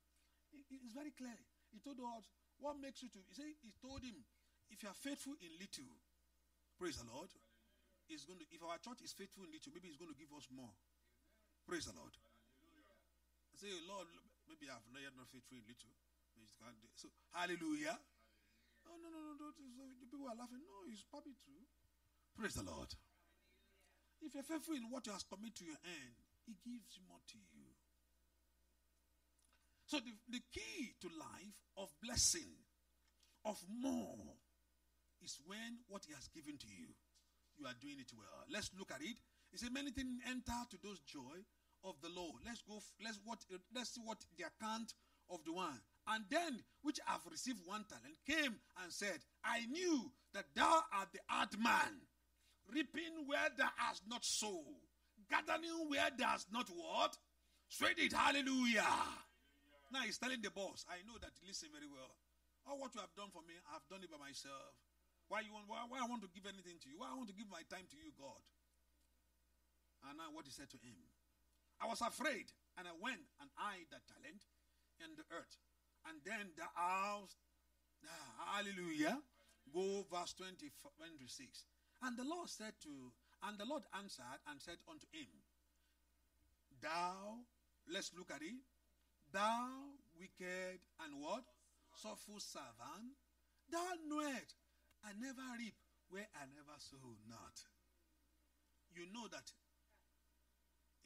it's very clear. He told us, what makes you to? He, said, he told him, if you are faithful in little, praise the Lord. Is going to, if our church is faithful in little, maybe he's going to give us more. Praise the Lord. I say, Lord, maybe I've not yet not faithful in little. So, hallelujah. Oh, no, no, no, no. The people are laughing. No, it's probably true. Praise the Lord. If you're faithful in what you has committed to your end, He gives more to you. So the, the key to life of blessing, of more, is when what He has given to you, you are doing it well. Let's look at it. He said, "Many things enter to those joy of the Lord." Let's go. Let's what. Let's see what the account of the one and then, which have received one talent, came and said, I knew that thou art the hard man, reaping where thou hast not sown, gathering where thou hast not what? Sweat it, hallelujah. Now he's telling the boss, I know that listen very well. All what you have done for me, I've done it by myself. Why you want why, why I want to give anything to you? Why I want to give my time to you, God? And now what he said to him. I was afraid, and I went and hid that talent in the earth. And then the house, hallelujah, go verse 20, 26. And the Lord said to, and the Lord answered and said unto him, Thou, let's look at it, thou wicked and what? Sorrowful servant, thou knowest, I never reap where I never sow not. You know that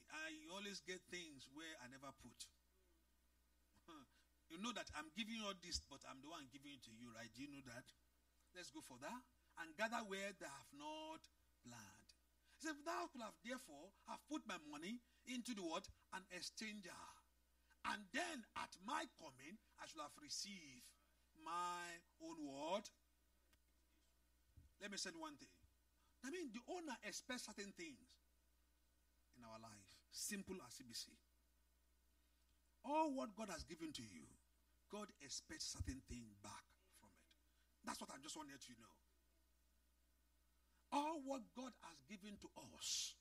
I always get things where I never put. You know that I'm giving you all this, but I'm the one giving it to you, right? Do you know that? Let's go for that. And gather where they have not planned. He said, Thou could have therefore have put my money into the what? An exchanger. And then at my coming, I shall have received my own word. Let me say one thing. I mean, the owner expects certain things in our life, simple as CBC. All what God has given to you, God expects certain things back from it. That's what I just want to let you know. All what God has given to us,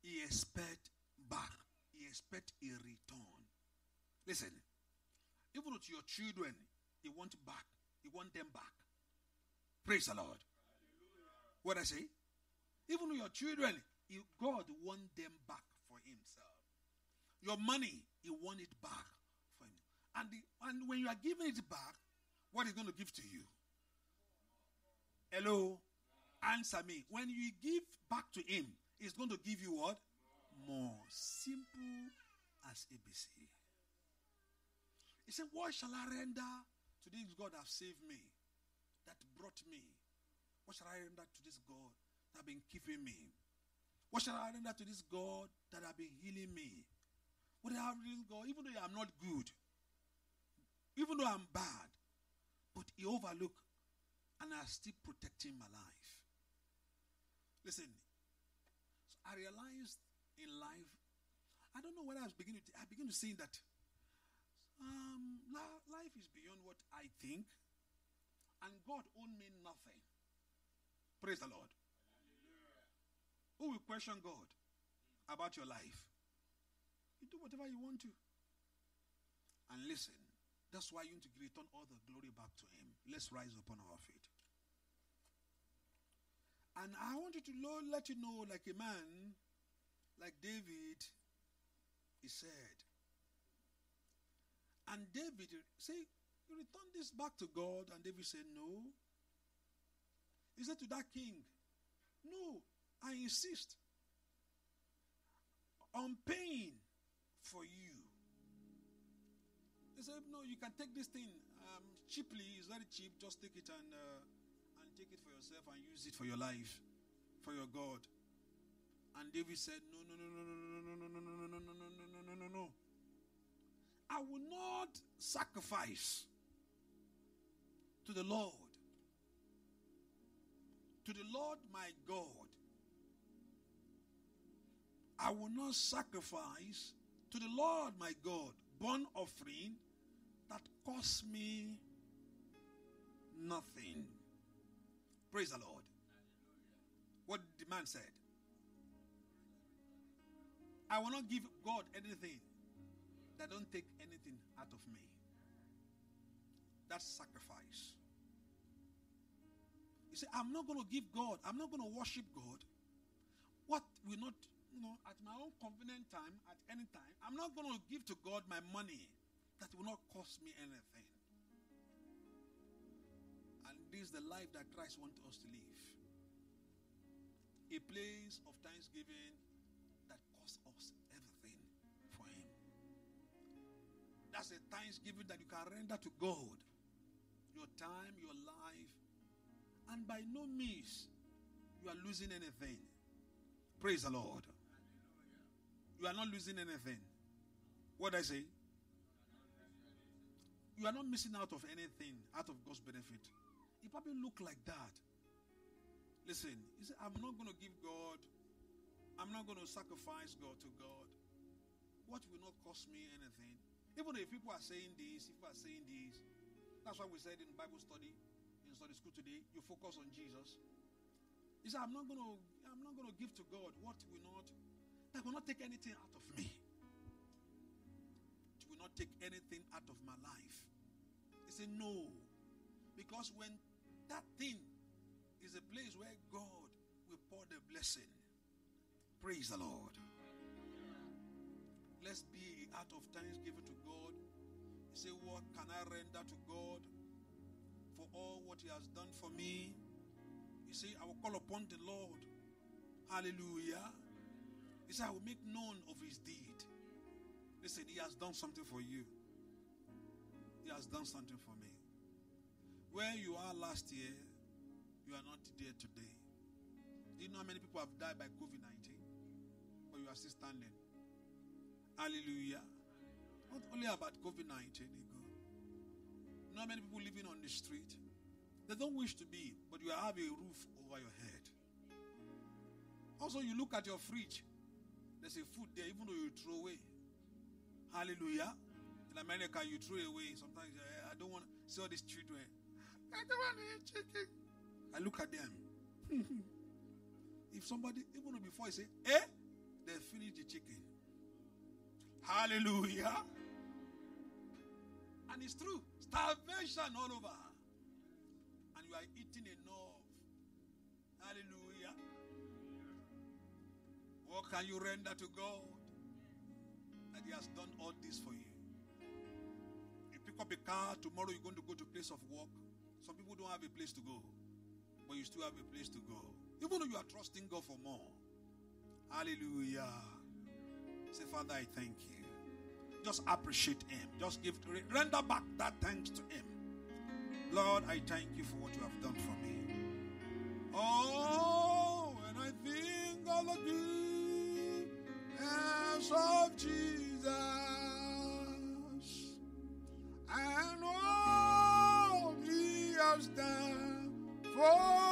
He expects back. He expects a return. Listen, even to your children, He wants back. He wants them back. Praise the Lord. What I say? Even your children, God wants them back for Himself. Your money, He wants it back and, the, and when you are giving it back, what is going to give to you? Hello? Answer me. When you give back to him, he's going to give you what? More. Simple as ABC. He said, What shall I render to this God that saved me, that brought me? What shall I render to this God that has been keeping me? What shall I render to this God that has been healing me? What shall I render to this God, even though I'm not good? even though I'm bad, but he overlook, and I still protecting my life. Listen, so I realized in life, I don't know what I was beginning to, I began to see that um, life is beyond what I think, and God owned me nothing. Praise the Lord. Hallelujah. Who will question God about your life? You do whatever you want to. And listen, that's why you need to return all the glory back to Him. Let's rise upon our feet. And I want you to know, let you know, like a man, like David, he said. And David, see, you return this back to God. And David said, no. He said to that king, no, I insist on paying for you they said, No, you can take this thing um, cheaply. It's very cheap. Just take it and, uh, and take it for yourself and use it for your life, for your God. And David said, No, no, no, no, no, no, no, no, no, no, no, no, no, no, no, no, no. I will not sacrifice to the Lord, to the Lord my God. I will not sacrifice to the Lord my God burnt offering cost me nothing. Praise the Lord. What the man said. I will not give God anything that don't take anything out of me. That's sacrifice. You say, I'm not going to give God, I'm not going to worship God. What will not, you know, at my own convenient time, at any time, I'm not going to give to God my money that will not cost me anything. And this is the life that Christ wants us to live. A place of thanksgiving that costs us everything for Him. That's a thanksgiving that you can render to God. Your time, your life. And by no means you are losing anything. Praise the Lord. You are not losing anything. What I say? you are not missing out of anything out of God's benefit. It probably look like that. Listen, you say, I'm not going to give God, I'm not going to sacrifice God to God. What will not cost me anything? Even if people are saying this, people are saying this, that's why we said in Bible study, in Sunday school today, you focus on Jesus. He said, I'm not gonna I'm not gonna give to God what will not that will not take anything out of me will not take anything out of my life. He said, No. Because when that thing is a place where God will pour the blessing, praise the Lord. Let's be out of thanksgiving to God. He said, What can I render to God for all what He has done for me? He said, I will call upon the Lord. Hallelujah. He said, I will make known of His deed. Listen, He has done something for you. He has done something for me. Where you are last year, you are not there today. Do you know how many people have died by COVID 19? But you are still standing. Hallelujah. Not only about COVID 19, God. You know how many people living on the street? They don't wish to be, but you have a roof over your head. Also, you look at your fridge, there's a food there, even though you throw away. Hallelujah. In America, you throw away. Sometimes I don't want to see all these children. I don't want to eat chicken. I look at them. <laughs> if somebody, even before I say, eh, they finish the chicken. Hallelujah. And it's true. Starvation all over. And you are eating enough. Hallelujah. What can you render to God? He has done all this for you. You pick up a car, tomorrow you're going to go to a place of work. Some people don't have a place to go, but you still have a place to go. Even though you are trusting God for more. Hallelujah. Say, Father, I thank you. Just appreciate Him. Just give, render back that thanks to Him. Lord, I thank you for what you have done for me. Oh, when I think of the goodness of Jesus. Jesus and all he has done for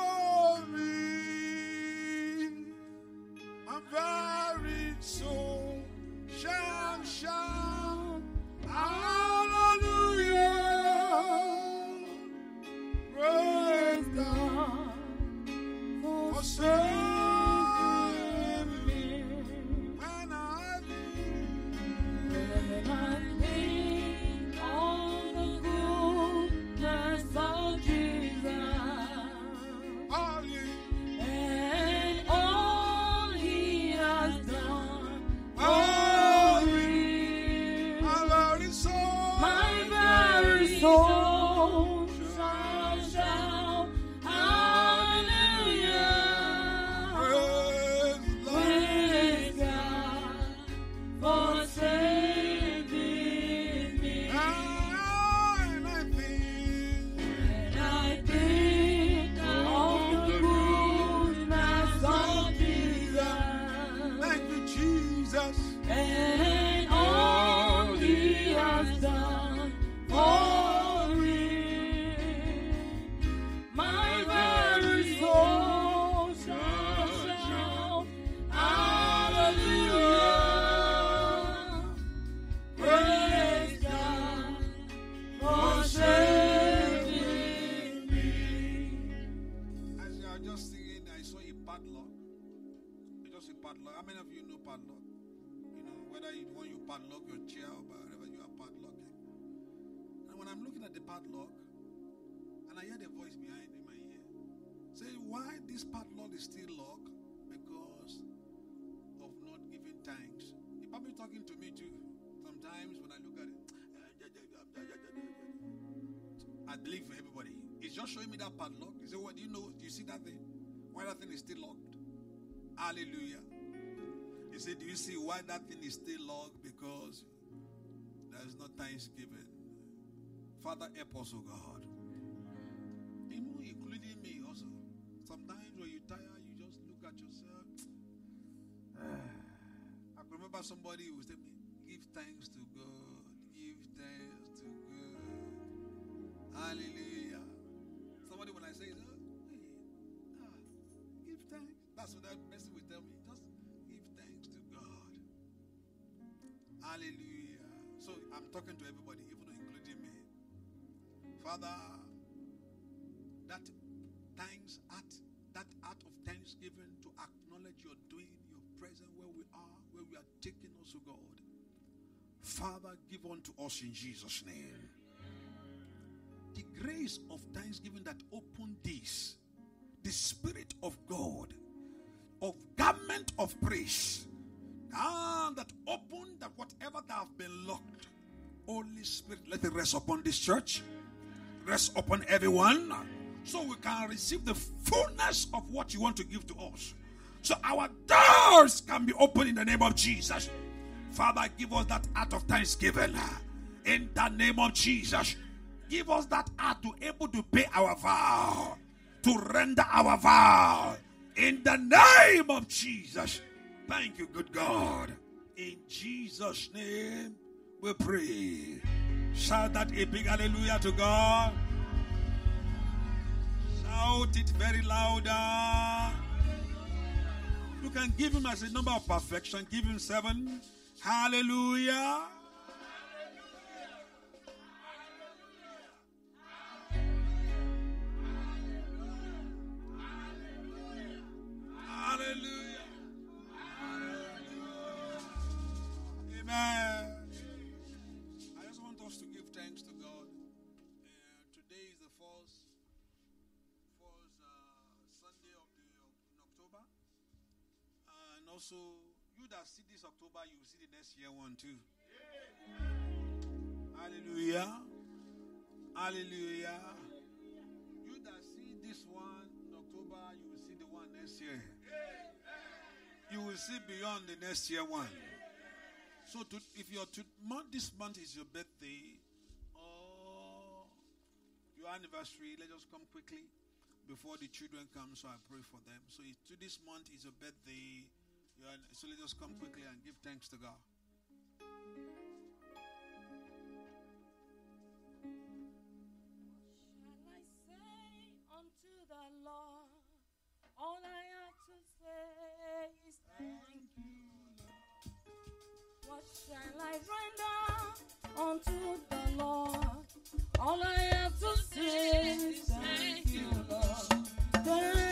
that part locked? He said, What do you know? Do you see that thing? Why that thing is still locked? Hallelujah. He said, Do you see why that thing is still locked? Because there is no thanksgiving. Father, help us, oh God. Even including me also. Sometimes when you tire, you just look at yourself. <sighs> I remember somebody who said, Give thanks to God. Give thanks to God. Hallelujah. talking to everybody, even including me. Father, that thanks at that act of thanksgiving to acknowledge your doing, your presence where we are, where we are taking us, to, God. Father, give unto us in Jesus' name. The grace of thanksgiving that opened this, the Spirit of God, of garment of praise, ah, that opened that whatever that have been locked, Holy Spirit, let it rest upon this church, rest upon everyone, so we can receive the fullness of what you want to give to us. So our doors can be opened in the name of Jesus. Father, give us that heart of thanksgiving in the name of Jesus. Give us that heart to able to pay our vow, to render our vow in the name of Jesus. Thank you, good God. In Jesus' name we pray. Shout that a big hallelujah to God. Shout it very louder. You can give him as a number of perfection. Give him seven. Hallelujah. Hallelujah. Amen. also, you that see this October, you see the next year one too. Hallelujah. Hallelujah. You that see this one in October, you will see the one next year. You will see beyond the next year one. So to, if your to, month, this month is your birthday or your anniversary, let us come quickly before the children come so I pray for them. So to this month is your birthday so let us come quickly and give thanks to God. Shall I say unto the Lord, all I have to say is thank you, What shall I render unto the Lord? All I have to say is thank you, Lord. Thank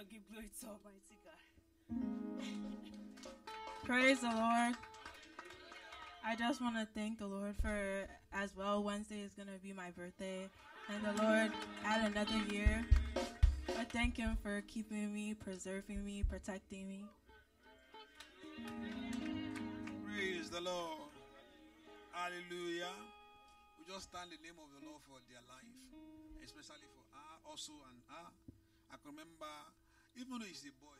gonna give glory to Almighty God. Praise the Lord. I just want to thank the Lord for as well. Wednesday is gonna be my birthday, and the Lord add another year. I thank Him for keeping me, preserving me, protecting me. Praise the Lord. Hallelujah. We just stand the name of the Lord for their life, especially for her also and her. I can remember even though he's a boy,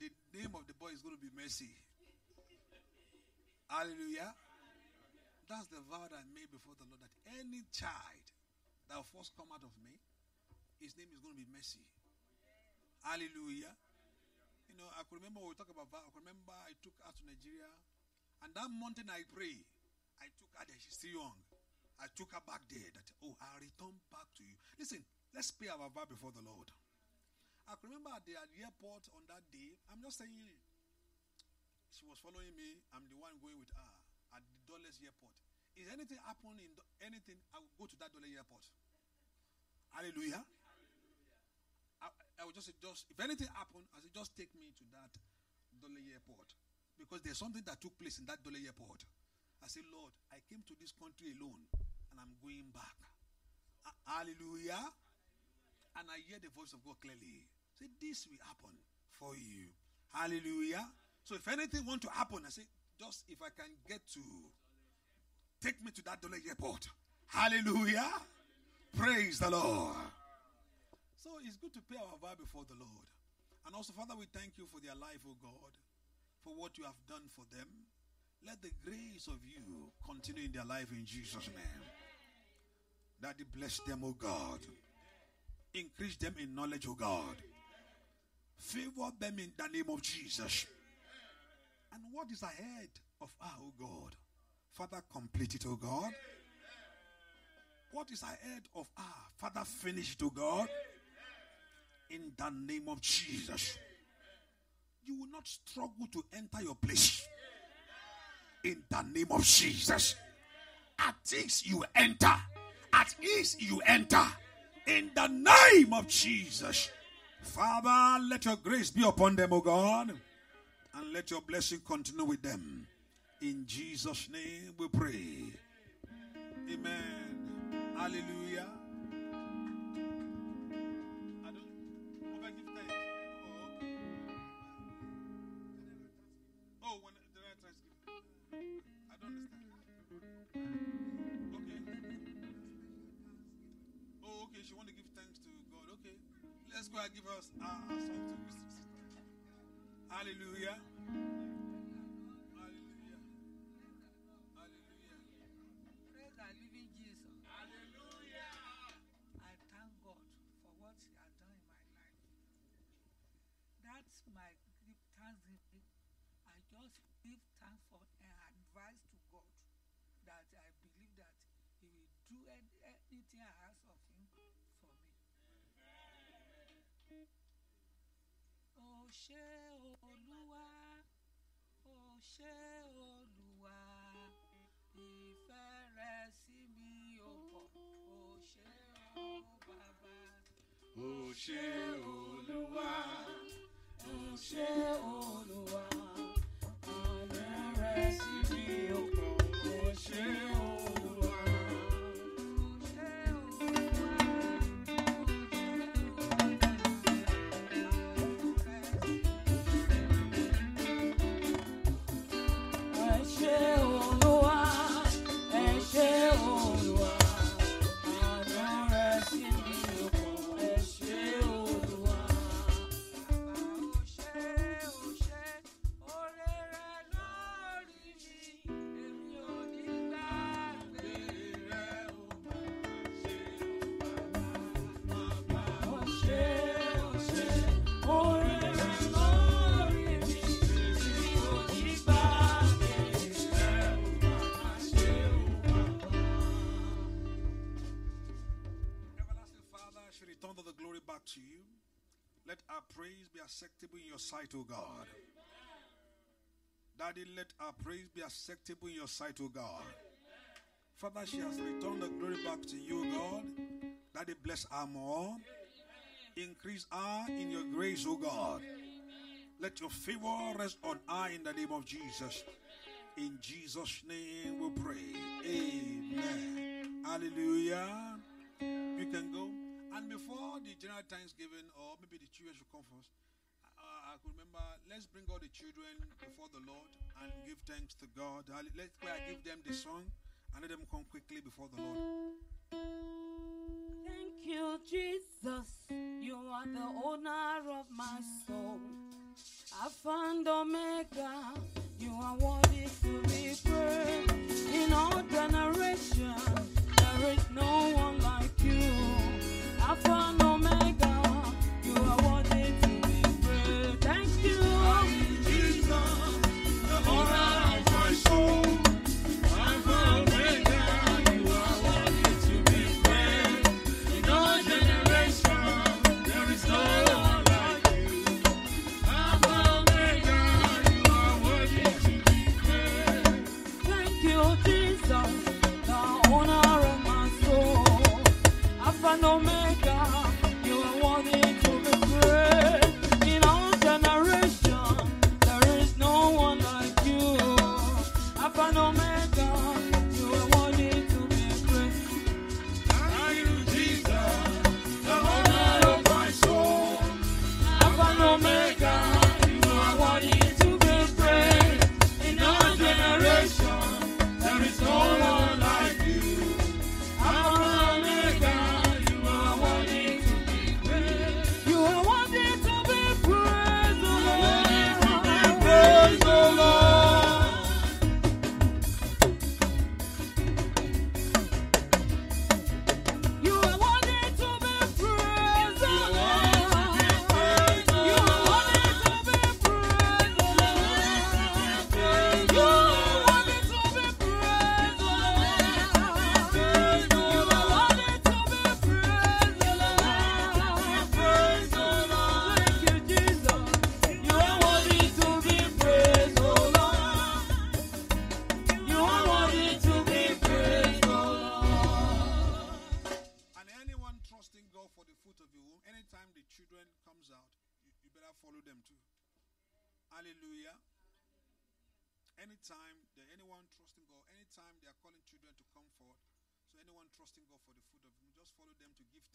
the name of the boy is going to be Mercy. Hallelujah. That's the vow that I made before the Lord that any child that will first come out of me, his name is going to be Mercy. Hallelujah. You know, I could remember we talk about vow. I could remember I took her to Nigeria. And that mountain I pray, I took her there. She's still young. I took her back there. That, oh, I'll return back to you. Listen, let's pay our vow before the Lord. I can remember at the, at the airport on that day, I'm just saying She was following me. I'm the one going with her at the Dulles Airport. Is anything happening? anything, I will go to that Dulles Airport. Hallelujah. Hallelujah. I, I would just say, just if anything happened, I said, just take me to that Dulles Airport because there's something that took place in that Dulles Airport. I said, Lord, I came to this country alone, and I'm going back. Hallelujah. Hallelujah. And I hear the voice of God clearly. Say, this will happen for you. Hallelujah. So if anything want to happen, I say, just if I can get to take me to that dollar airport. Hallelujah. Praise the Lord. So it's good to pay our vow before the Lord. And also, Father, we thank you for their life, O God, for what you have done for them. Let the grace of you continue in their life in Jesus' name. That you bless them, O God. Increase them in knowledge, O God. Favor them in the name of Jesus. And what is ahead of our oh God? Father, complete it, O oh God. What is ahead of our Father, finish it, oh God. In the name of Jesus. You will not struggle to enter your place. In the name of Jesus. At ease you enter. At ease you enter. In the name of Jesus. Father, let your grace be upon them, O God, and let your blessing continue with them. In Jesus' name we pray. Amen. Hallelujah. she want to give Let's go and give us our, uh, our song to this. Hallelujah. ṣé olúwa ó ṣé olúwa ìfẹ́ rẹ sí mi ò pọ̀ ó ṣé o bàbá. ó ṣé olúwa ó ṣé olúwa àná rẹ sí mi ò pọ̀ ó ṣé o. return the glory back to you. Let our praise be acceptable in your sight, O God. Daddy, let our praise be acceptable in your sight, O God. Father, she has returned the glory back to you, God. Daddy, bless her more. Increase her in your grace, O God. Let your favor rest on her in the name of Jesus. In Jesus' name we pray. Amen. Hallelujah. You can go. And before the general thanksgiving, or maybe the children should come first, I, I could remember let's bring all the children before the Lord and give thanks to God. Let's give them the song and let them come quickly before the Lord. Thank you, Jesus. You are the owner of my soul. I found Omega. You are worthy to be praised in all generations. There is no one like you. I found no man.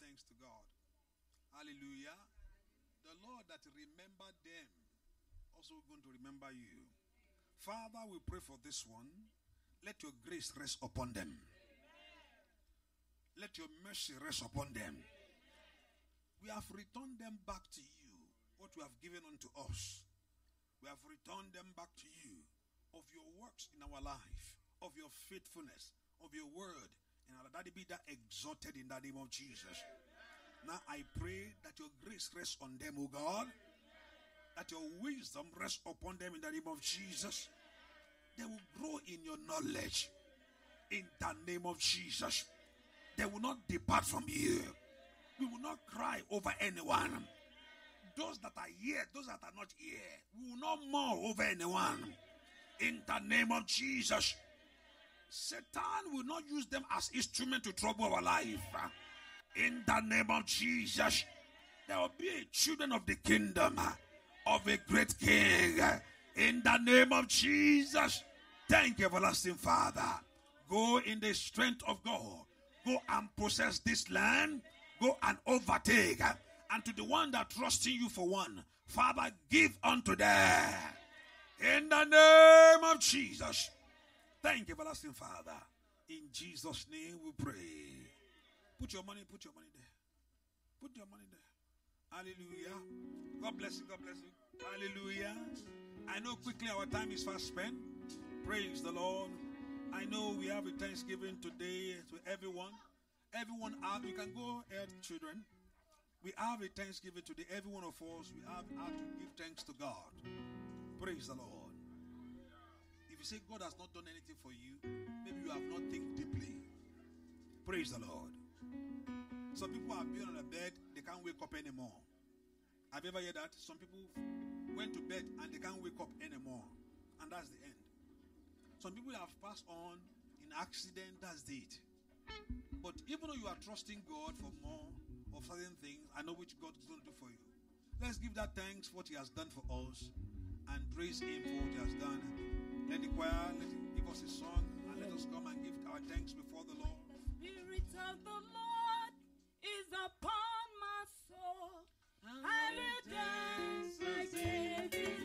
thanks to God. Hallelujah. The Lord that remembered them also going to remember you. Father, we pray for this one. Let your grace rest upon them. Let your mercy rest upon them. We have returned them back to you what you have given unto us. We have returned them back to you of your works in our life, of your faithfulness, of your word, and our daddy be that exalted in the name of Jesus. Now I pray that your grace rests on them, O God. That your wisdom rests upon them in the name of Jesus. They will grow in your knowledge in the name of Jesus. They will not depart from you. We will not cry over anyone. Those that are here, those that are not here, we will not mourn over anyone. In the name of Jesus, Satan will not use them as instrument to trouble our life. In the name of Jesus, there will be a children of the kingdom of a great king. In the name of Jesus, thank you, everlasting Father. Go in the strength of God. Go and possess this land. Go and overtake. And to the one that trusts in you for one, Father, give unto them. In the name of Jesus. Thank you, everlasting Father. In Jesus' name we pray. Put your money, put your money there. Put your money there. Hallelujah. God bless you. God bless you. Hallelujah. I know quickly our time is fast spent. Praise the Lord. I know we have a Thanksgiving today to everyone. Everyone out. You can go ahead, children. We have a Thanksgiving today. Every one of us, we have, have to give thanks to God. Praise the Lord you say God has not done anything for you, maybe you have not think deeply. Praise the Lord. Some people have been on a bed, they can't wake up anymore. Have you ever heard that? Some people went to bed and they can't wake up anymore. And that's the end. Some people have passed on in accident, that's it. But even though you are trusting God for more of certain things, I know which God is going to do for you. Let's give that thanks for what He has done for us and praise Him for what He has done let the choir let it give us a song and let us come and give our thanks before the Lord. The Spirit of the Lord is upon my soul. I will dance like David.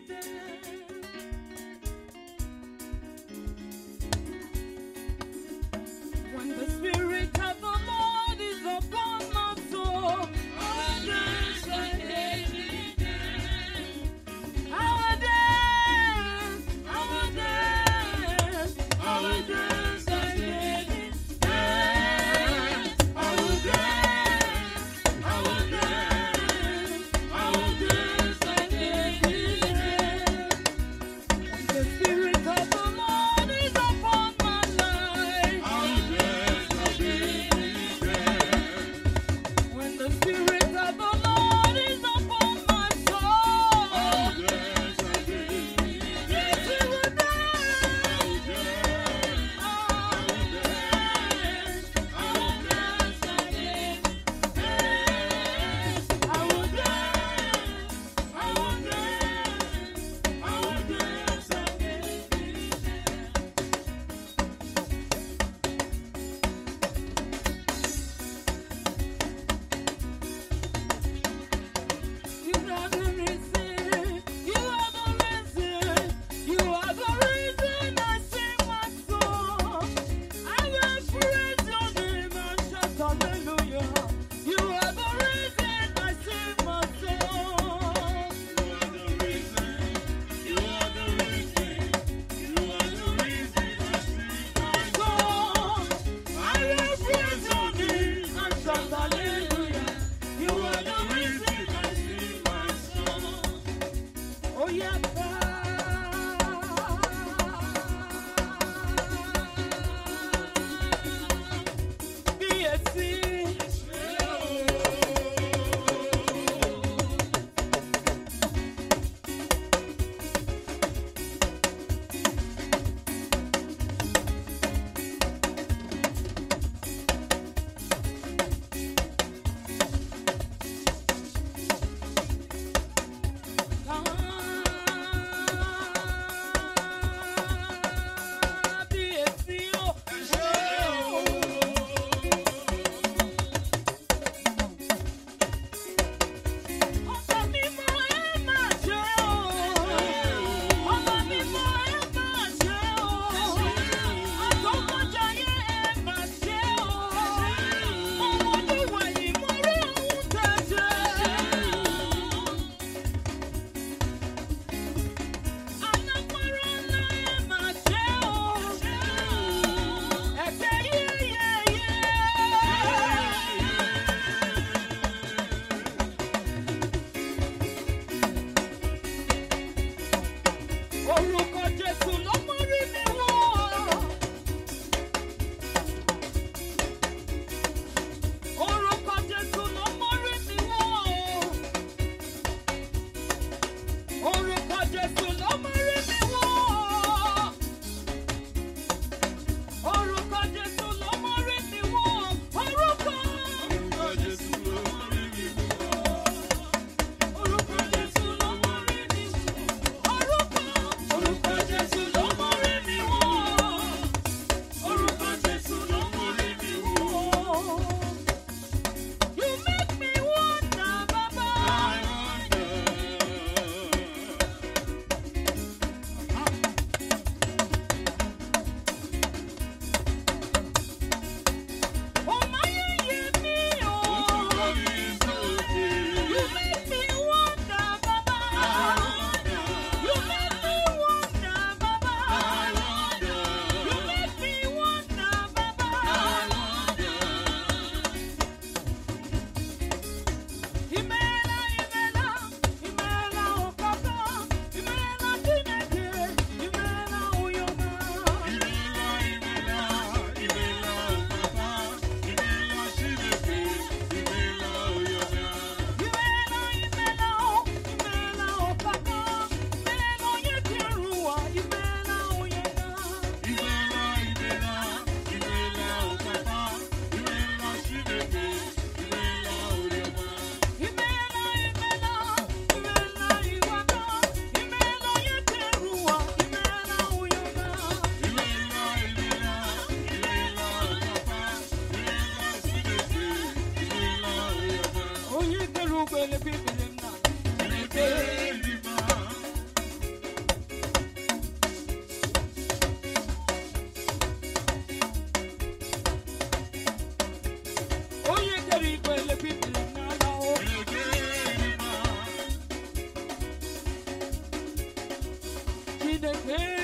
again.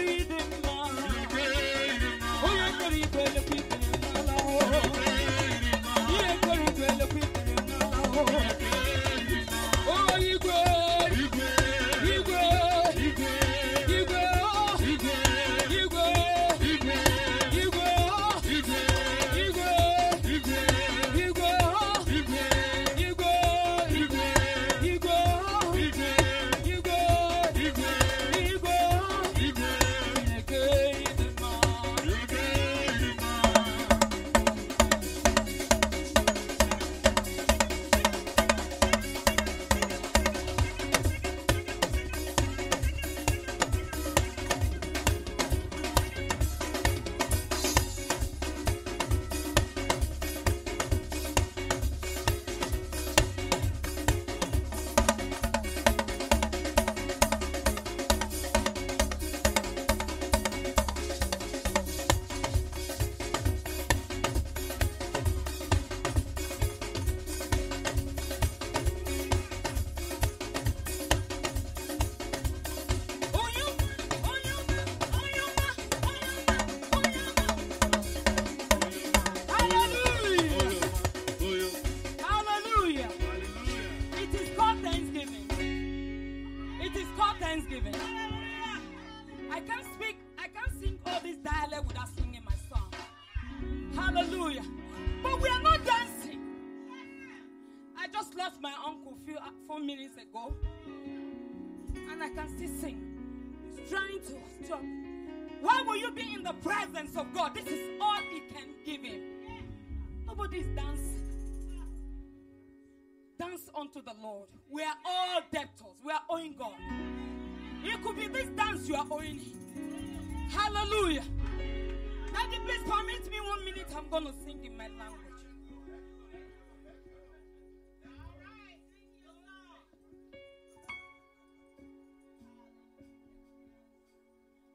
unto the Lord. We are all debtors. We are owing God. It could be this dance you are owing Him. Hallelujah. Daddy, please permit me one minute. I'm going to sing in my language.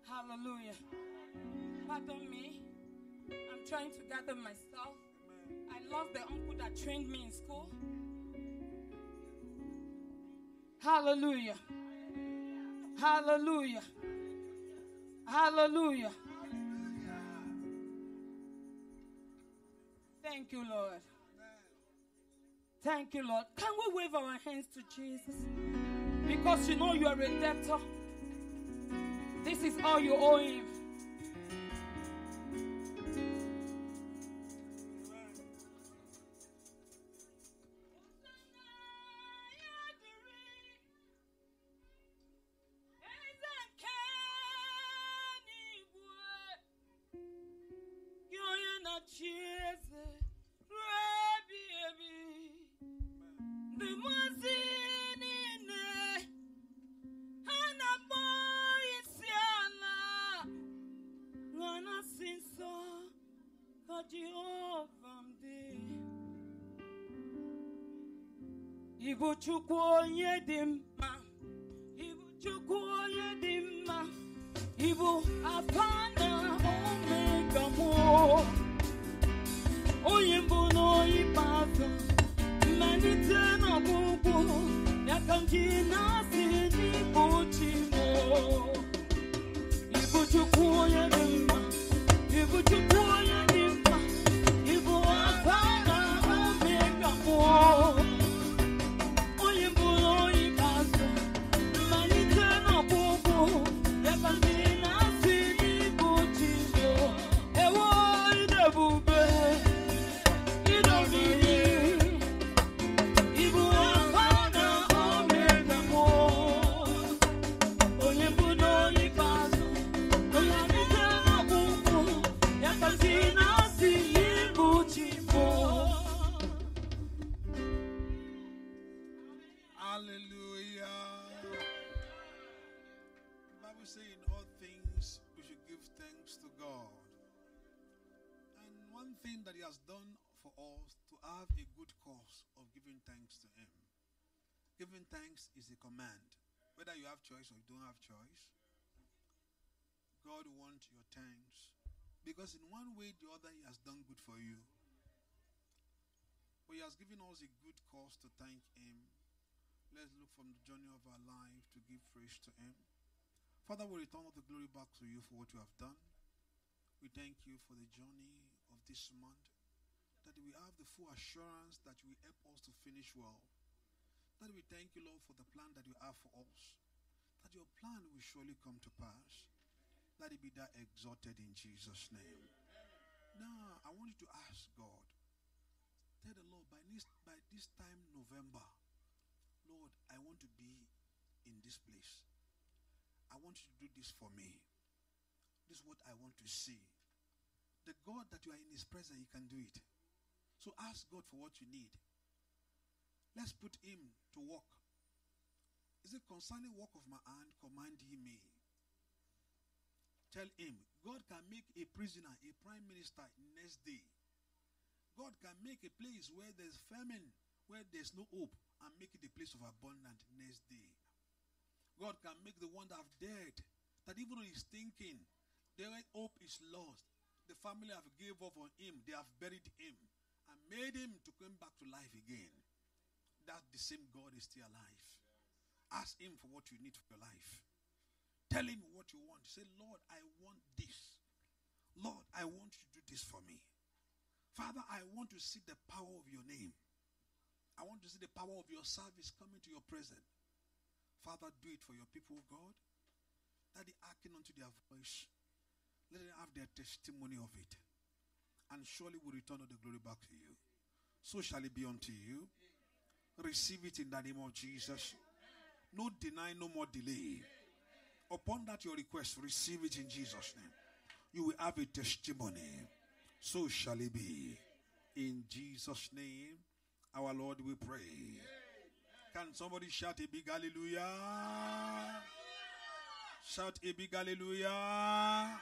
Hallelujah. Pardon me. I'm trying to gather myself. I love the uncle that trained me in school. Hallelujah. Hallelujah. Hallelujah. Thank you, Lord. Thank you, Lord. Can we wave our hands to Jesus? Because you know you are a debtor. This is all you owe him. Ibu bụ Chukwu onye ibu mma ị bụ Chukwu onye dị mma ị bụ Alfa na Omega mụ onye mbụ na onye ikpeazụ mmalite na ọgwụgwụ ya ka Chimo ị bụ Chukwu onye dị mma ị bụ Giving thanks is a command. Whether you have choice or you don't have choice, God wants your thanks. Because in one way or the other, He has done good for you. But He has given us a good cause to thank Him. Let's look from the journey of our life to give praise to Him. Father, we return all the glory back to you for what you have done. We thank you for the journey of this month, that we have the full assurance that you will help us to finish well. That we thank you, Lord, for the plan that you have for us. That your plan will surely come to pass. Let it be that exalted in Jesus' name. Now, I want you to ask God. Tell the Lord, by this, by this time, November, Lord, I want to be in this place. I want you to do this for me. This is what I want to see. The God that you are in His presence, He can do it. So ask God for what you need. Let's put him to work. Is it concerning work of my hand? Command him me. Tell him, God can make a prisoner a prime minister next day. God can make a place where there's famine, where there's no hope, and make it a place of abundance next day. God can make the one that have dead, that even though he's thinking, their hope is lost. The family have gave up on him. They have buried him and made him to come back to life again that the same God is still alive. Ask Him for what you need for your life. Tell Him what you want. Say, Lord, I want this. Lord, I want you to do this for me. Father, I want to see the power of your name. I want to see the power of your service coming to your presence. Father, do it for your people, of God, that they hearken unto their voice. Let them have their testimony of it. And surely will return all the glory back to you. So shall it be unto you Receive it in the name of Jesus. No deny, no more delay. Upon that, your request, receive it in Jesus' name. You will have a testimony. So shall it be. In Jesus' name, our Lord, we pray. Can somebody shout a big hallelujah? Shout a big hallelujah.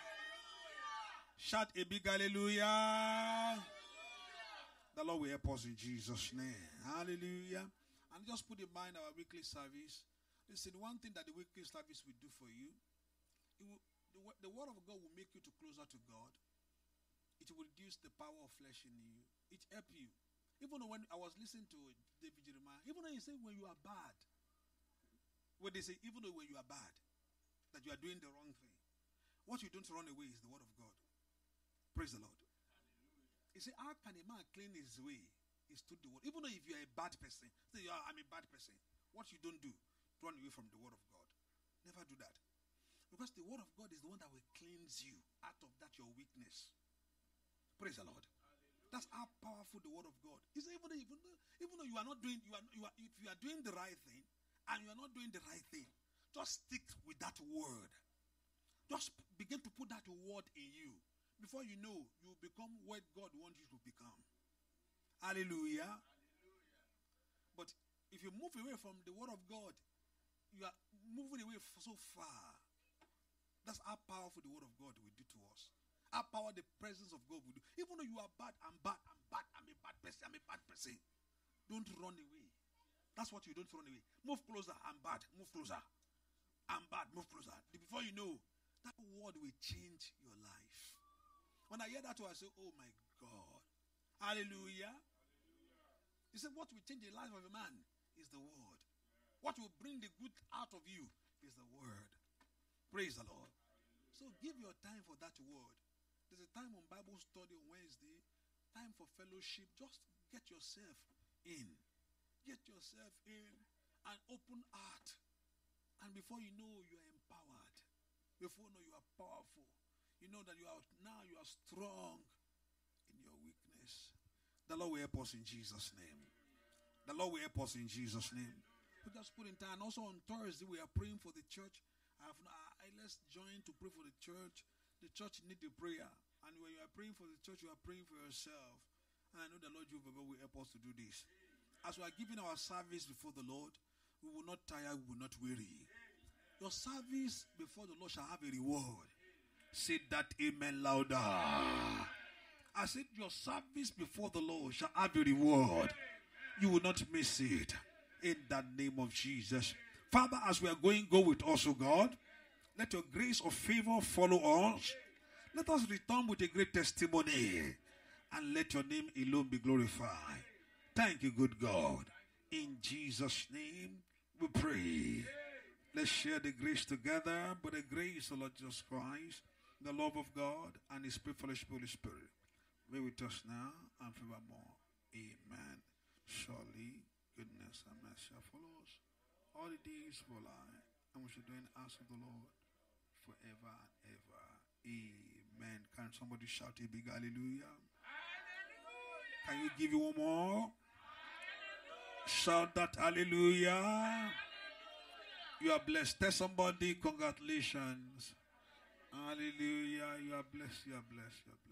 Shout a big hallelujah. The Lord will help us in Jesus' name. Hallelujah. And just put in mind our weekly service. Listen, one thing that the weekly service will do for you, will, the, the Word of God will make you to closer to God. It will reduce the power of flesh in you. It help you. Even when I was listening to David Jeremiah, even when he said when you are bad, when they say even though when you are bad, that you are doing the wrong thing, what you don't run away is the Word of God. Praise the Lord. You say, How can a man clean his way? Is to the word. Even though if you are a bad person, say, I'm a bad person. What you don't do, run away from the word of God. Never do that. Because the word of God is the one that will cleanse you out of that your weakness. Praise the Lord. Hallelujah. That's how powerful the word of God is. Even though, even though, even though you are not doing, you are, you are, if you are doing the right thing, and you are not doing the right thing, just stick with that word. Just begin to put that word in you before you know, you become what God wants you to become. Hallelujah. Hallelujah. But if you move away from the word of God, you are moving away so far. That's how powerful the word of God will do to us. How powerful the presence of God will do. Even though you are bad, I'm bad, I'm bad, I'm a bad person, I'm a bad person. Don't run away. That's what you don't run away. Move closer, I'm bad, move closer. I'm bad, move closer. Before you know, that word will change your life. When I hear that word, I say, Oh my God. Hallelujah. He You see, what will change the life of a man is the word. What will bring the good out of you is the word. Praise the Lord. So give your time for that word. There's a time on Bible study on Wednesday, time for fellowship. Just get yourself in. Get yourself in and open heart. And before you know, you are empowered. Before you know, you are powerful you know that you are now you are strong in your weakness. The Lord will help us in Jesus' name. The Lord will help us in Jesus' name. We just put in time. Also on Thursday, we are praying for the church. I have I, let's join to pray for the church. The church need the prayer. And when you are praying for the church, you are praying for yourself. And I know the Lord Jehovah will help us to do this. As we are giving our service before the Lord, we will not tire, we will not weary. Your service before the Lord shall have a reward. Say that amen louder. I said, Your service before the Lord shall have a reward. You will not miss it. In the name of Jesus. Father, as we are going, go with us, O God. Let your grace or favor follow us. Let us return with a great testimony. And let your name alone be glorified. Thank you, good God. In Jesus' name, we pray. Let's share the grace together but the grace of Lord Jesus Christ the love of God, and His privileged Holy Spirit be with us now and forevermore. Amen. Surely goodness and mercy follow us all the days for life, and we should do in the house of the Lord forever and ever. Amen. Can somebody shout a big hallelujah? hallelujah? Can you give you one more? Hallelujah. Shout that hallelujah. hallelujah. You are blessed. Tell somebody congratulations. Hallelujah. You are blessed. You are blessed. You are blessed.